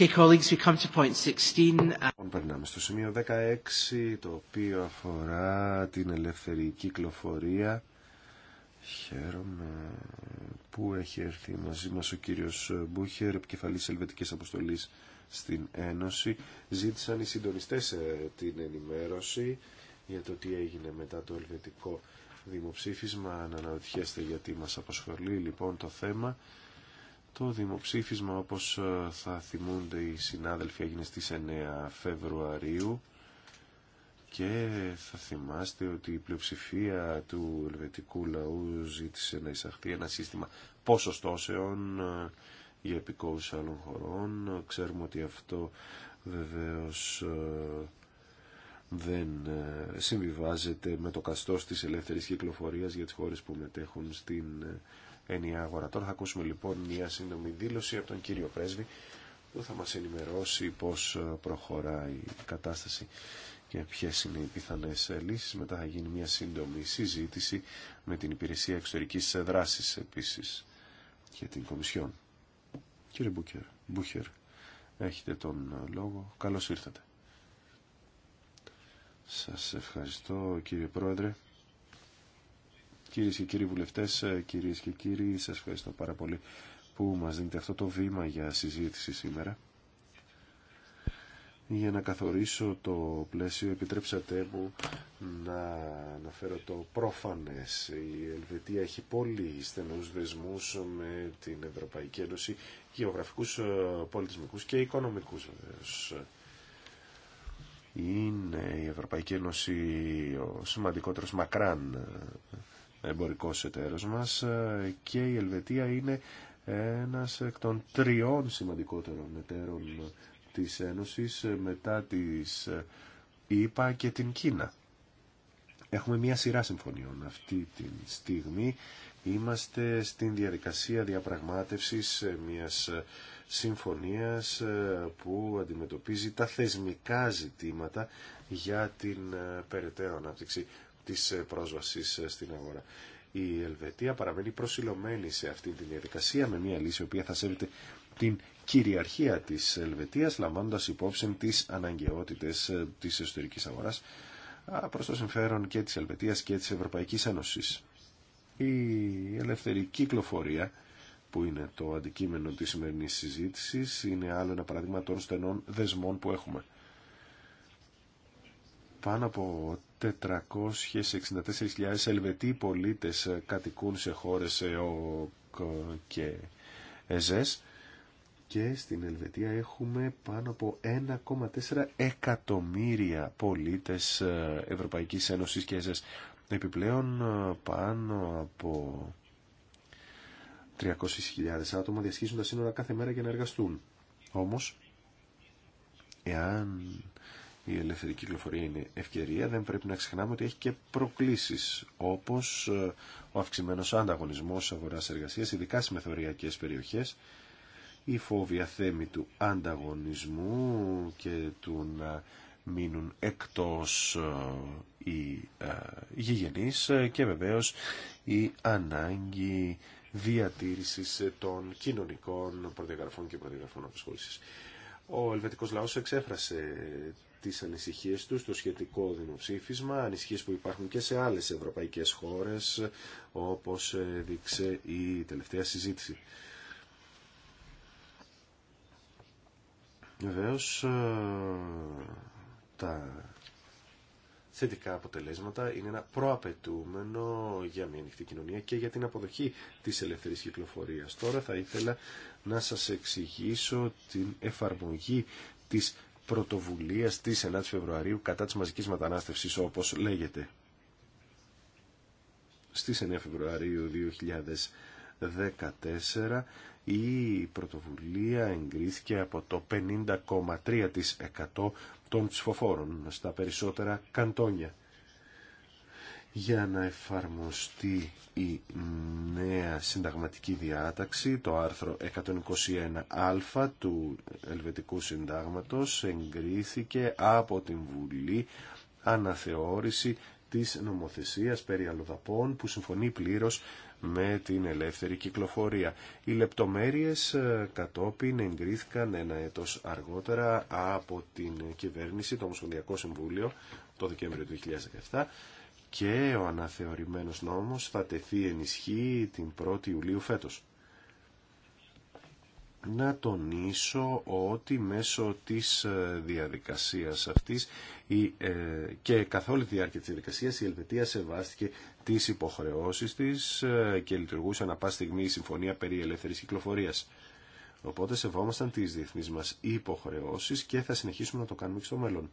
Okay, colleagues, we come to point 16. Uh, λοιπόν, περνάμε στο σημείο 16, το οποίο αφορά την ελεύθερη κυκλοφορία. Χαίρομαι που έχει έρθει μαζί μας ο κύριος Μπούχερ, επικεφαλής Ελβετικής Αποστολής στην Ένωση. Ζήτησαν οι συντονιστές ε, την ενημέρωση για το τι έγινε μετά το ελβετικό δημοψήφισμα. Αν αναρωτιέστε γιατί μας απασχολεί λοιπόν το θέμα το δημοψήφισμα, όπως ε, θα θυμούνται οι συνάδελφοι, έγινε στις 9 Φεβρουαρίου και θα θυμάστε ότι η πλειοψηφία του ελβετικού λαού ζήτησε να εισαχθεί ένα σύστημα ποσοστώσεων ε, για επικόους άλλων χωρών. Ξέρουμε ότι αυτό βεβαίως ε, δεν συμβιβάζεται με το καστός της ελεύθερης κυκλοφορίας για τις χώρες που μετέχουν στην ενιαία αγορά. Τώρα θα ακούσουμε λοιπόν μια σύντομη δήλωση από τον κύριο Πρέσβη που θα μας ενημερώσει πώς ε, προχωράει η κατάσταση και ποιες είναι οι πιθανές ε, λύσεις. Μετά θα γίνει μια σύντομη συζήτηση με την Υπηρεσία Εξωτερικής Δράσης επίσης και την Κομισιόν. Κύριε Μπούκερ, Μπούχερ, έχετε τον ε, λόγο. Καλώς ήρθατε. Σας ευχαριστώ κύριε Πρόεδρε. Κυρίε και κύριοι βουλευτές, ε, κυρίε και κύριοι, σας ευχαριστώ πάρα πολύ που μα δίνετε αυτό το βήμα για συζήτηση σήμερα. Για να καθορίσω το πλαίσιο, επιτρέψατε μου να αναφέρω το πρόφανες. Η Ελβετία έχει πολύ στενούς δεσμούς με την Ευρωπαϊκή Ένωση, γεωγραφικούς, ε, πολιτισμικούς και οικονομικούς Είναι η Ευρωπαϊκή Ένωση ο σημαντικότερος μακράν ε, εμπορικός εταίρος μας ε, και η Ελβετία είναι ένας εκ των τριών σημαντικότερων εταίρων της Ένωσης ε, μετά της ΙΠΑ ε, και την Κίνα. Έχουμε μια σειρά συμφωνιών αυτή τη στιγμή. Είμαστε στην διαδικασία διαπραγμάτευσης μιας συμφωνίας που αντιμετωπίζει τα θεσμικά ζητήματα για την περαιτέρω ανάπτυξη της ε, πρόσβασης ε, στην αγορά. Η Ελβετία παραμένει προσιλωμένη σε αυτή τη διαδικασία με μια λύση η οποία θα σέβεται την κυριαρχία της Ελβετίας λαμβάνοντας υπόψη τις αναγκαιότητες ε, της εσωτερική αγοράς προς το συμφέρον και της Ελβετίας και της Ευρωπαϊκής Ένωσης. Η ελεύθερη κυκλοφορία που είναι το αντικείμενο της σημερινής συζήτησης είναι άλλο ένα παράδειγμα των στενών δεσμών που έχουμε πάνω από 464.000 Ελβετοί πολίτες κατοικούν σε χώρες ΕΟΚ και ΕΖΕΣ και στην Ελβετία έχουμε πάνω από 1,4 εκατομμύρια πολίτες Ευρωπαϊκής Ένωσης και ΕΖΕΣ. Επιπλέον πάνω από 300.000 άτομα διασχίζουν τα σύνορα κάθε μέρα για να εργαστούν. Όμως, εάν η ελεύθερη κυκλοφορία είναι ευκαιρία, δεν πρέπει να ξεχνάμε ότι έχει και προκλήσεις, όπως ε, ο αυξημένος ανταγωνισμός αγοράς εργασίας, ειδικά σε μεθοριακές περιοχές, η φόβια θέμη του ανταγωνισμού και του να μείνουν εκτός ε, οι ε, γηγενείς και βεβαίως η ανάγκη διατήρησης των κοινωνικών προδιαγραφών και προδιαγραφών απασχόλησης. Ο ελβετικός λαός εξέφρασε τις ανησυχίες τους στο σχετικό δημοψήφισμα, ανησυχίες που υπάρχουν και σε άλλες ευρωπαϊκές χώρες, όπως δείξε η τελευταία συζήτηση. Βεβαίω ε, τα θετικά αποτελέσματα είναι ένα προαπαιτούμενο για μια ανοιχτή κοινωνία και για την αποδοχή της ελεύθερης κυκλοφορίας. Τώρα θα ήθελα να σας εξηγήσω την εφαρμογή της Πρωτοβουλία τη 9 Φεβρουαρίου κατά της μαζικής μετανάστευση όπως λέγεται. Στις 9 Φεβρουαρίου 2014 η πρωτοβουλία εγκρίθηκε από το 50,3% των ψηφοφόρων στα περισσότερα καντόνια για να εφαρμοστεί η νέα συνταγματική διάταξη, το άρθρο 121α του Ελβετικού Συντάγματος εγκρίθηκε από την Βουλή αναθεώρηση της νομοθεσίας περί αλλοδαπών που συμφωνεί πλήρως με την ελεύθερη κυκλοφορία. Οι λεπτομέρειες ε, κατόπιν εγκρίθηκαν ένα έτος αργότερα από την κυβέρνηση, το Ομοσπονδιακό Συμβούλιο, το Δεκέμβριο του 2017 και ο αναθεωρημένος νόμος θα τεθεί ισχύ την 1η Ιουλίου φέτος. Να τονίσω ότι μέσω της ε, διαδικασίας αυτής ε, και καθ' όλη τη διάρκεια της διαδικασίας η Ελβετία σεβάστηκε τις υποχρεώσεις της ε, και λειτουργούσε ανα πάση στιγμή η Συμφωνία περί ελεύθερης κυκλοφορίας. Οπότε σεβόμασταν τις διεθνείς μας υποχρεώσεις και θα συνεχίσουμε να το κάνουμε και στο μέλλον.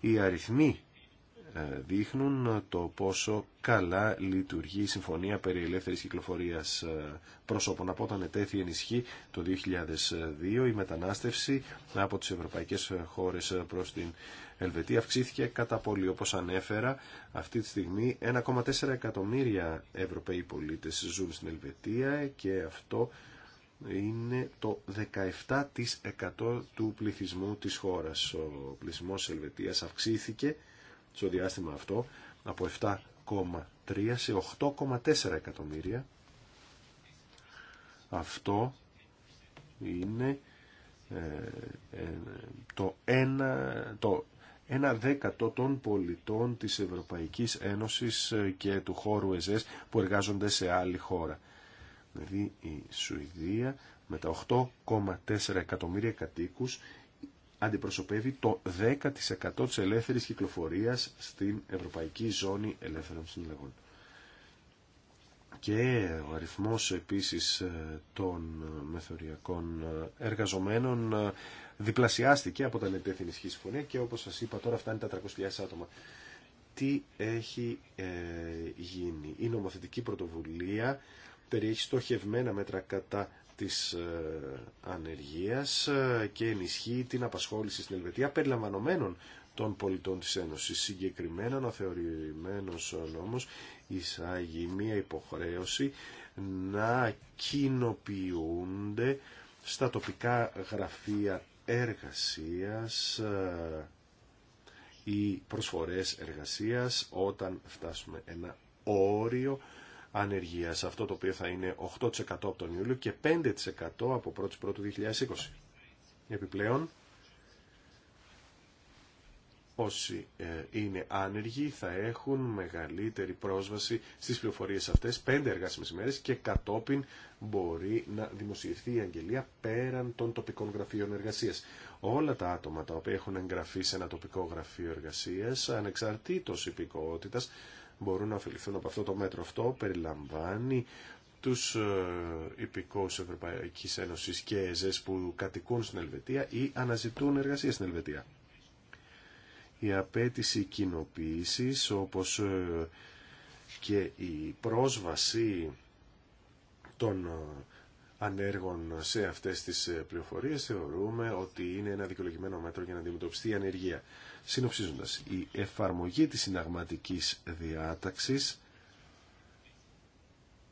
Οι αριθμοί ε, δείχνουν το πόσο καλά λειτουργεί η Συμφωνία περί ελεύθερης κυκλοφορίας ε, προσώπων. Από όταν ετέθη ενισχύ το 2002 η μετανάστευση από τις ευρωπαϊκές χώρες προς την Ελβετία αυξήθηκε κατά πολύ. Όπως ανέφερα, αυτή τη στιγμή 1,4 εκατομμύρια Ευρωπαίοι πολίτες ζουν στην Ελβετία και αυτό είναι το 17% του πληθυσμού της χώρας. Ο πληθυσμός της Ελβετίας αυξήθηκε στο διάστημα αυτό από 7,3 σε 8,4 εκατομμύρια. Αυτό είναι ε, ε, το 1 το ένα δέκατο των πολιτών της Ευρωπαϊκής Ένωσης ε, και του χώρου ΕΖΕΣ που εργάζονται σε άλλη χώρα. Δηλαδή η Σουηδία με τα 8,4 εκατομμύρια κατοίκους αντιπροσωπεύει το 10% της ελεύθερης κυκλοφορίας στην Ευρωπαϊκή Ζώνη Ελεύθερων Συναλλαγών. Και ο αριθμός επίσης ε, των ε, μεθοριακών ε, εργαζομένων διπλασιάστηκε από τα ετέθη ενισχύ συμφωνία και όπως σας είπα τώρα φτάνει τα 300.000 άτομα. Τι έχει γίνει. Η νομοθετική πρωτοβουλία περιέχει στοχευμένα μέτρα κατά της ε, ανεργίας ε, και ενισχύει την απασχόληση στην Ελβετία περιλαμβανομένων των πολιτών της Ένωσης. Συγκεκριμένα ο θεωρημένος νόμος εισάγει μία υποχρέωση να κοινοποιούνται στα τοπικά γραφεία εργασίας ή ε, προσφορές εργασίας όταν φτάσουμε ένα όριο ανεργίας, αυτό το οποίο θα είναι 8% από τον Ιούλιο και 5% από 1η Πρώτου 2020. Επιπλέον, όσοι ε, είναι άνεργοι θα έχουν μεγαλύτερη πρόσβαση στις πληροφορίες αυτές, 5 εργάσιμες ημέρες και κατόπιν μπορεί να δημοσιευθεί η αγγελία πέραν των τοπικών γραφείων εργασίας. Όλα τα άτομα τα οποία έχουν εγγραφεί σε ένα τοπικό γραφείο εργασίας, ανεξαρτήτως υπηκότητας, μπορούν να ωφεληθούν από αυτό το μέτρο. Αυτό περιλαμβάνει τους ε, υπηκόους Ευρωπαϊκής Ένωσης και ΕΖΕΣ που κατοικούν στην Ελβετία ή αναζητούν εργασία στην Ελβετία. Η απέτηση κοινοποίησης όπως ε, και η πρόσβαση των ε, ανέργων σε αυτές τις ε, πληροφορίες θεωρούμε ότι είναι ένα δικαιολογημένο μέτρο για να αντιμετωπιστεί η ανεργία. Συνοψίζοντας, η εφαρμογή της συνταγματικής διάταξης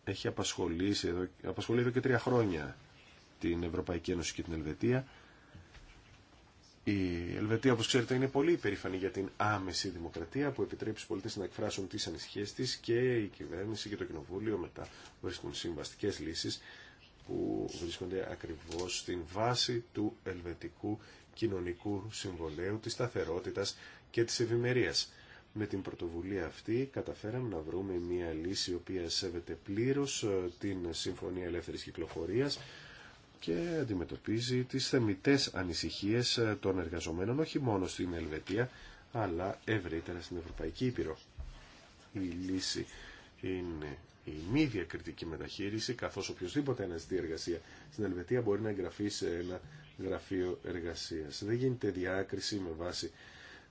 έχει απασχολήσει εδώ, απασχολεί εδώ και τρία χρόνια την Ευρωπαϊκή Ένωση και την Ελβετία. Η Ελβετία, όπως ξέρετε, είναι πολύ υπερήφανη για την άμεση δημοκρατία που επιτρέπει στους πολίτες να εκφράσουν τις ανησυχίες της και η κυβέρνηση και το κοινοβούλιο μετά βρίσκουν συμβαστικέ λύσεις που βρίσκονται ακριβώς στην βάση του ελβετικού κοινωνικού συμβολέου, της σταθερότητας και της ευημερία. Με την πρωτοβουλία αυτή καταφέραμε να βρούμε μια λύση η οποία σέβεται πλήρως ε, την Συμφωνία Ελεύθερης Κυκλοφορίας και αντιμετωπίζει τις θεμητές ανησυχίες ε, των εργαζομένων όχι μόνο στην Ελβετία αλλά ευρύτερα στην Ευρωπαϊκή Ήπειρο. Η λύση είναι η μη διακριτική μεταχείριση, καθώς οποιοδήποτε αναζητεί εργασία στην Ελβετία μπορεί να εγγραφεί σε ένα γραφείο εργασίας. Δεν γίνεται διάκριση με βάση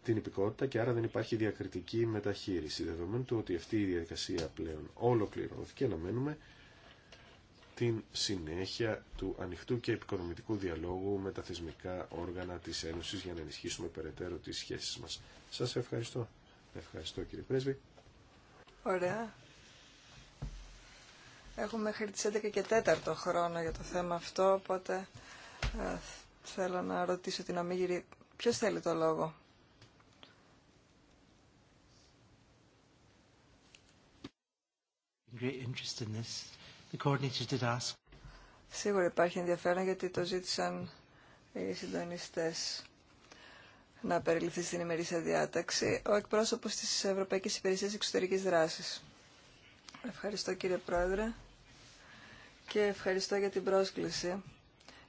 την υπηκότητα και άρα δεν υπάρχει διακριτική μεταχείριση. Δεδομένου του ότι αυτή η διαδικασία πλέον ολοκληρώθηκε, αναμένουμε την συνέχεια του ανοιχτού και επικοδομητικού διαλόγου με τα θεσμικά όργανα της Ένωσης για να ενισχύσουμε περαιτέρω τις σχέσεις μας. Σας ευχαριστώ. Ευχαριστώ κύριε Πρέσβη. Ωραία. Έχουμε μέχρι τις 11 και 4 χρόνο για το θέμα αυτό, οπότε ε, θέλω να ρωτήσω την ομίγυρη ποιος θέλει το λόγο. Σίγουρα υπάρχει ενδιαφέρον γιατί το ζήτησαν οι συντονιστές να περιληφθεί στην ημερήσια διάταξη ο εκπρόσωπος της Ευρωπαϊκής Υπηρεσίας Εξωτερικής Δράσης. Ευχαριστώ κύριε Πρόεδρε και ευχαριστώ για την πρόσκληση.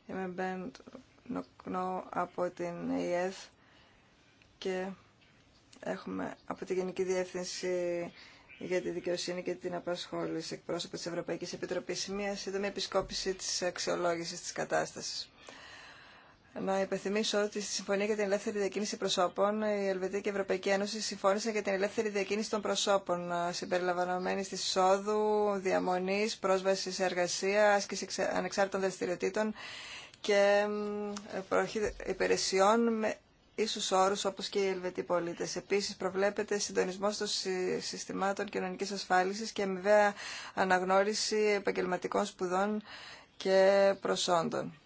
Είμαι Μπεν Νοκνό από την ΕΕΘ και έχουμε από τη Γενική Διεύθυνση για τη Δικαιοσύνη και την Απασχόληση εκπρόσωπο της Ευρωπαϊκής Επιτροπής μια σύντομη επισκόπηση της αξιολόγησης της κατάστασης να υπενθυμίσω ότι στη Συμφωνία για την Ελεύθερη Διακίνηση Προσώπων, η Ελβετία και η Ευρωπαϊκή Ένωση συμφώνησαν για την ελεύθερη διακίνηση των προσώπων, ε, συμπεριλαμβανομένη τη εισόδου, διαμονή, πρόσβαση σε εργασία, άσκηση ανεξάρτητων δραστηριοτήτων και προοχή υπηρεσιών με ίσους όρους όπως και οι Ελβετοί πολίτες. Επίσης προβλέπεται συντονισμός των συστημάτων κοινωνικής ασφάλισης και αμοιβαία αναγνώριση επαγγελματικών σπουδών και προσόντων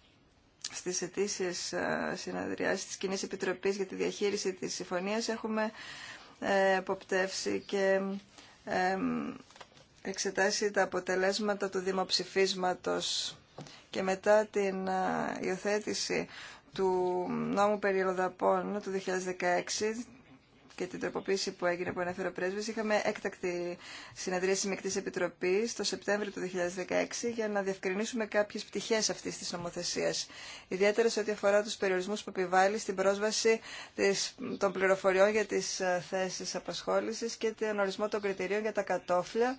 στις αιτήσει ε, συναδρία της Κοινής Επιτροπής για τη διαχείριση της συμφωνίας έχουμε ε, αποπτεύσει και ε, εξετάσει τα αποτελέσματα του δημοψηφίσματος και μετά την υιοθέτηση του νόμου περί του 2016 και την τροποποίηση που έγινε που ανέφερε ο πρέσβη. είχαμε έκτακτη συνεδρία Συμμεκτής Επιτροπή το Σεπτέμβριο του 2016 για να διευκρινίσουμε κάποιε πτυχέ αυτής τη νομοθεσία. Ιδιαίτερα σε ό,τι αφορά του περιορισμού που επιβάλλει στην πρόσβαση των πληροφοριών για τι ε, θέσει απασχόληση και τον ορισμό των κριτηρίων για τα κατόφλια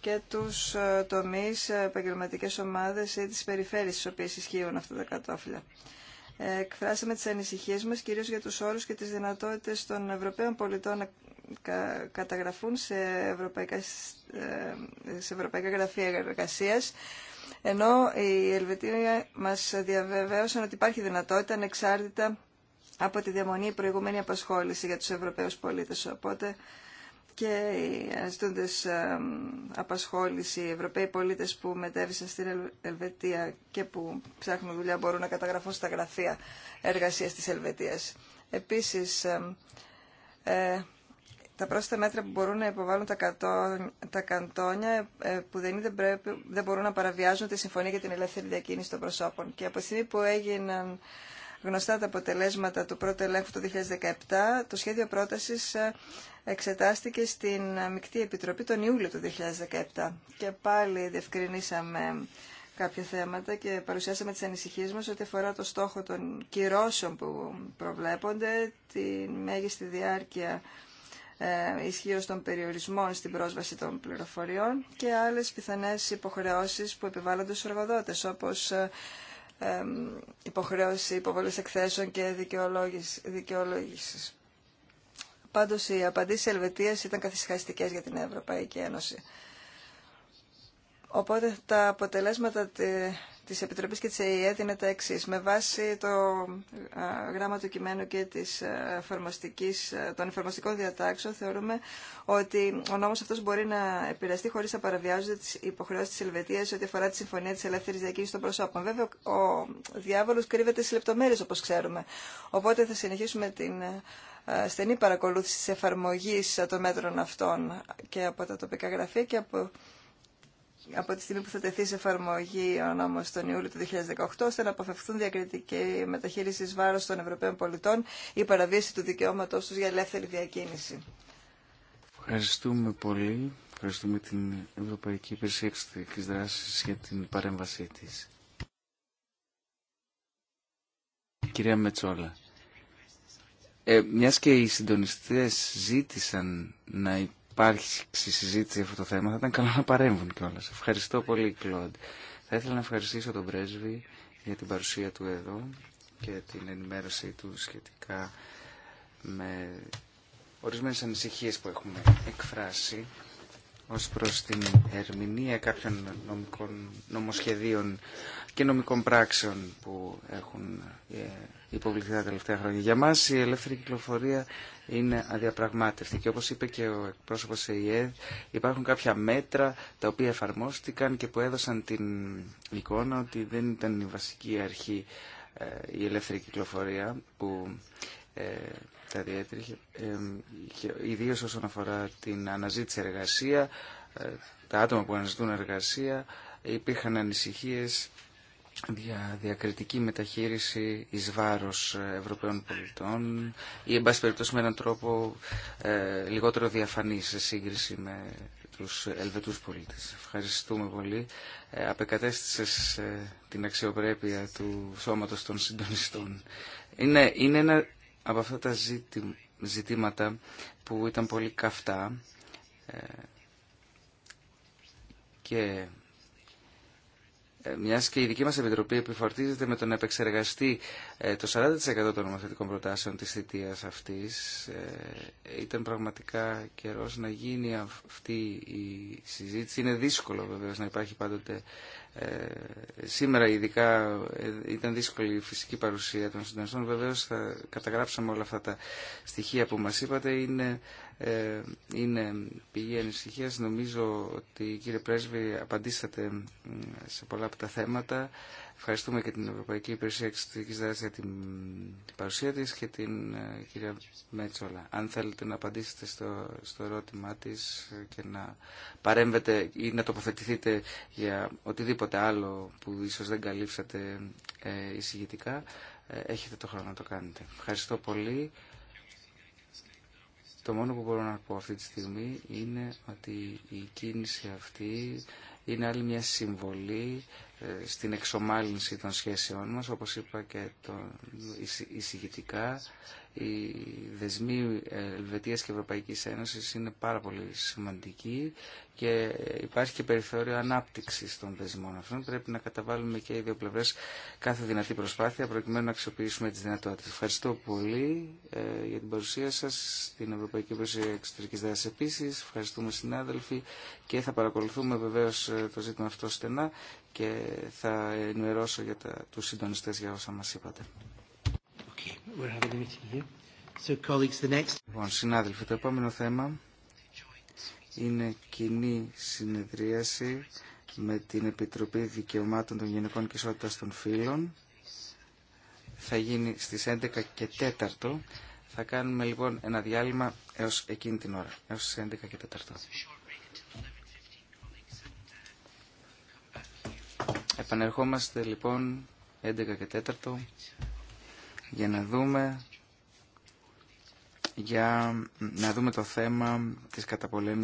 και του ε, τομεί, ε, επαγγελματικέ ομάδε ή τι περιφέρειες στι οποίε ισχύουν αυτά τα κατόφλια εκφράσαμε τις ανησυχίες μας κυρίως για τους όρους και τις δυνατότητες των Ευρωπαίων πολιτών να καταγραφούν σε ευρωπαϊκά, ε, σε ευρωπαϊκά γραφεία εργασία. Ενώ η Ελβετία μας διαβεβαίωσαν ότι υπάρχει δυνατότητα ανεξάρτητα από τη διαμονή η προηγούμενη απασχόληση για τους Ευρωπαίους πολίτες. Οπότε και οι αναζητούντες απασχόληση, οι Ευρωπαίοι πολίτες που μετέβησαν στην Ελβετία και που ψάχνουν δουλειά μπορούν να καταγραφούν στα γραφεία εργασίας της Ελβετίας. Επίσης, ε, τα πρόσθετα μέτρα που μπορούν να υποβάλουν τα, κατώ, καντόνια ε, που δεν, είναι, δεν μπορούν να παραβιάζουν τη Συμφωνία για την Ελεύθερη Διακίνηση των Προσώπων. Και από τη στιγμή που έγιναν γνωστά τα αποτελέσματα του πρώτου ελέγχου του 2017, το σχέδιο πρότασης ε, εξετάστηκε στην ε, Μικτή Επιτροπή τον Ιούλιο του 2017. Και πάλι διευκρινίσαμε κάποια θέματα και παρουσιάσαμε τις ανησυχίες μας ότι αφορά το στόχο των κυρώσεων που προβλέπονται, τη μέγιστη διάρκεια ε, ισχύω των περιορισμών στην πρόσβαση των πληροφοριών και άλλες πιθανές υποχρεώσεις που επιβάλλονται στους εργοδότες, όπως ε, υποχρέωση υποβολής εκθέσεων και δικαιολόγησης. Πάντως οι απαντήσεις Ελβετίας ήταν καθυσχαστικές για την Ευρωπαϊκή Ένωση. Οπότε τα αποτελέσματα της Επιτροπής και της ΕΕΤ είναι τα εξή. Με βάση το γράμμα του κειμένου και της των εφαρμοστικών διατάξεων θεωρούμε ότι ο νόμος αυτός μπορεί να επηρεαστεί χωρίς να παραβιάζονται τις υποχρεώσεις της Ελβετίας ό,τι αφορά τη Συμφωνία της Ελεύθερης Διακίνησης των Προσώπων. Βέβαια, ο διάβολος κρύβεται στις λεπτομέρειες όπως ξέρουμε. Οπότε θα συνεχίσουμε την στενή παρακολούθηση της εφαρμογής των μέτρων αυτών και από τα τοπικά γραφεία και από από τη στιγμή που θα τεθεί σε εφαρμογή ο νόμο τον Ιούλιο του 2018, ώστε να αποφευθούν διακριτική μεταχείριση βάρο των Ευρωπαίων πολιτών ή παραβίαση του δικαιώματός του για ελεύθερη διακίνηση. Ευχαριστούμε πολύ. Ευχαριστούμε την Ευρωπαϊκή Υπηρεσία τη Δράσης για την παρέμβασή τη. Κυρία Μετσόλα, ε, μιας και οι συντονιστές ζήτησαν να υπάρξει συζήτηση για αυτό το θέμα θα ήταν καλό να παρέμβουν κιόλα. Ευχαριστώ πολύ, Κλοντ. Θα ήθελα να ευχαριστήσω τον πρέσβη για την παρουσία του εδώ και την ενημέρωσή του σχετικά με ορισμένες ανησυχίες που έχουμε εκφράσει ως προς την ερμηνεία κάποιων νομικών, νομοσχεδίων και νομικών πράξεων που έχουν ε, υποβληθεί τα τελευταία χρόνια. Για μας η ελεύθερη κυκλοφορία είναι αδιαπραγμάτευτη και όπως είπε και ο εκπρόσωπος ΕΙΕΔ υπάρχουν κάποια μέτρα τα οποία εφαρμόστηκαν και που έδωσαν την εικόνα ότι δεν ήταν η βασική αρχή ε, η ελεύθερη κυκλοφορία που ε, τα διέτρεχε, ε, ιδίως όσον αφορά την αναζήτηση εργασία, τα άτομα που αναζητούν εργασία, υπήρχαν ανησυχίες δια, διακριτική μεταχείριση εις βάρος ε, Ευρωπαίων πολιτών ή εν πάση περιπτώσει με έναν τρόπο ε, λιγότερο διαφανή σε σύγκριση με τους Ελβετούς πολίτες. Ευχαριστούμε πολύ. Ε, απεκατέστησες ε, την αξιοπρέπεια του σώματος των συντονιστών. Είναι, είναι ένα από αυτά τα ζητήματα που ήταν πολύ καυτά και ε, Μια και η δική μα Επιτροπή επιφορτίζεται με το να επεξεργαστεί ε, το 40% των νομοθετικών προτάσεων της θητείας αυτής, ε, ήταν πραγματικά καιρός να γίνει αυτή η συζήτηση. Είναι δύσκολο βεβαίως να υπάρχει πάντοτε σήμερα ειδικά ήταν δύσκολη η φυσική παρουσία των συντονιστών. Βεβαίως θα καταγράψαμε όλα αυτά τα στοιχεία που μας είπατε. Είναι ε, είναι πηγή ανησυχία. Νομίζω ότι κύριε Πρέσβη απαντήσατε σε πολλά από τα θέματα. Ευχαριστούμε και την Ευρωπαϊκή Υπηρεσία Εξωτερική Δράση για την παρουσία της και την ε, κυρία Μέτσολα. Αν θέλετε να απαντήσετε στο, στο ερώτημά τη και να παρέμβετε ή να τοποθετηθείτε για οτιδήποτε άλλο που ίσως δεν καλύψατε ε, εισηγητικά, έχετε το χρόνο να το κάνετε. Ευχαριστώ πολύ. Το μόνο που μπορώ να πω αυτή τη στιγμή είναι ότι η κίνηση αυτή είναι άλλη μια συμβολή στην εξομάλυνση των σχέσεών μας, όπως είπα και το εισηγητικά, οι δεσμοί Ελβετίας και Ευρωπαϊκής Ένωσης είναι πάρα πολύ σημαντικοί και υπάρχει και περιθώριο ανάπτυξης των δεσμών αυτών. Πρέπει να καταβάλουμε και οι δύο πλευρές κάθε δυνατή προσπάθεια προκειμένου να αξιοποιήσουμε τις δυνατότητες. Ευχαριστώ πολύ ε, για την παρουσία σας στην Ευρωπαϊκή Υπηρεσία Εξωτερικής Δράσης επίσης. Ευχαριστούμε συνάδελφοι και θα παρακολουθούμε βεβαίως ε, το ζήτημα αυτό στενά και θα ενημερώσω για τα, τους συντονιστές για όσα μας είπατε. Okay, So, colleagues, the next... Λοιπόν, συνάδελφοι, το επόμενο θέμα είναι κοινή συνεδρίαση με την Επιτροπή Δικαιωμάτων των Γενικών και Ισότητας των Φύλων. Θα γίνει στις 11 και 4. Θα κάνουμε λοιπόν ένα διάλειμμα έως εκείνη την ώρα, έως στις 11 και 4. Επανερχόμαστε λοιπόν 11 και 4 για να δούμε για να δούμε το θέμα της καταπολέμησης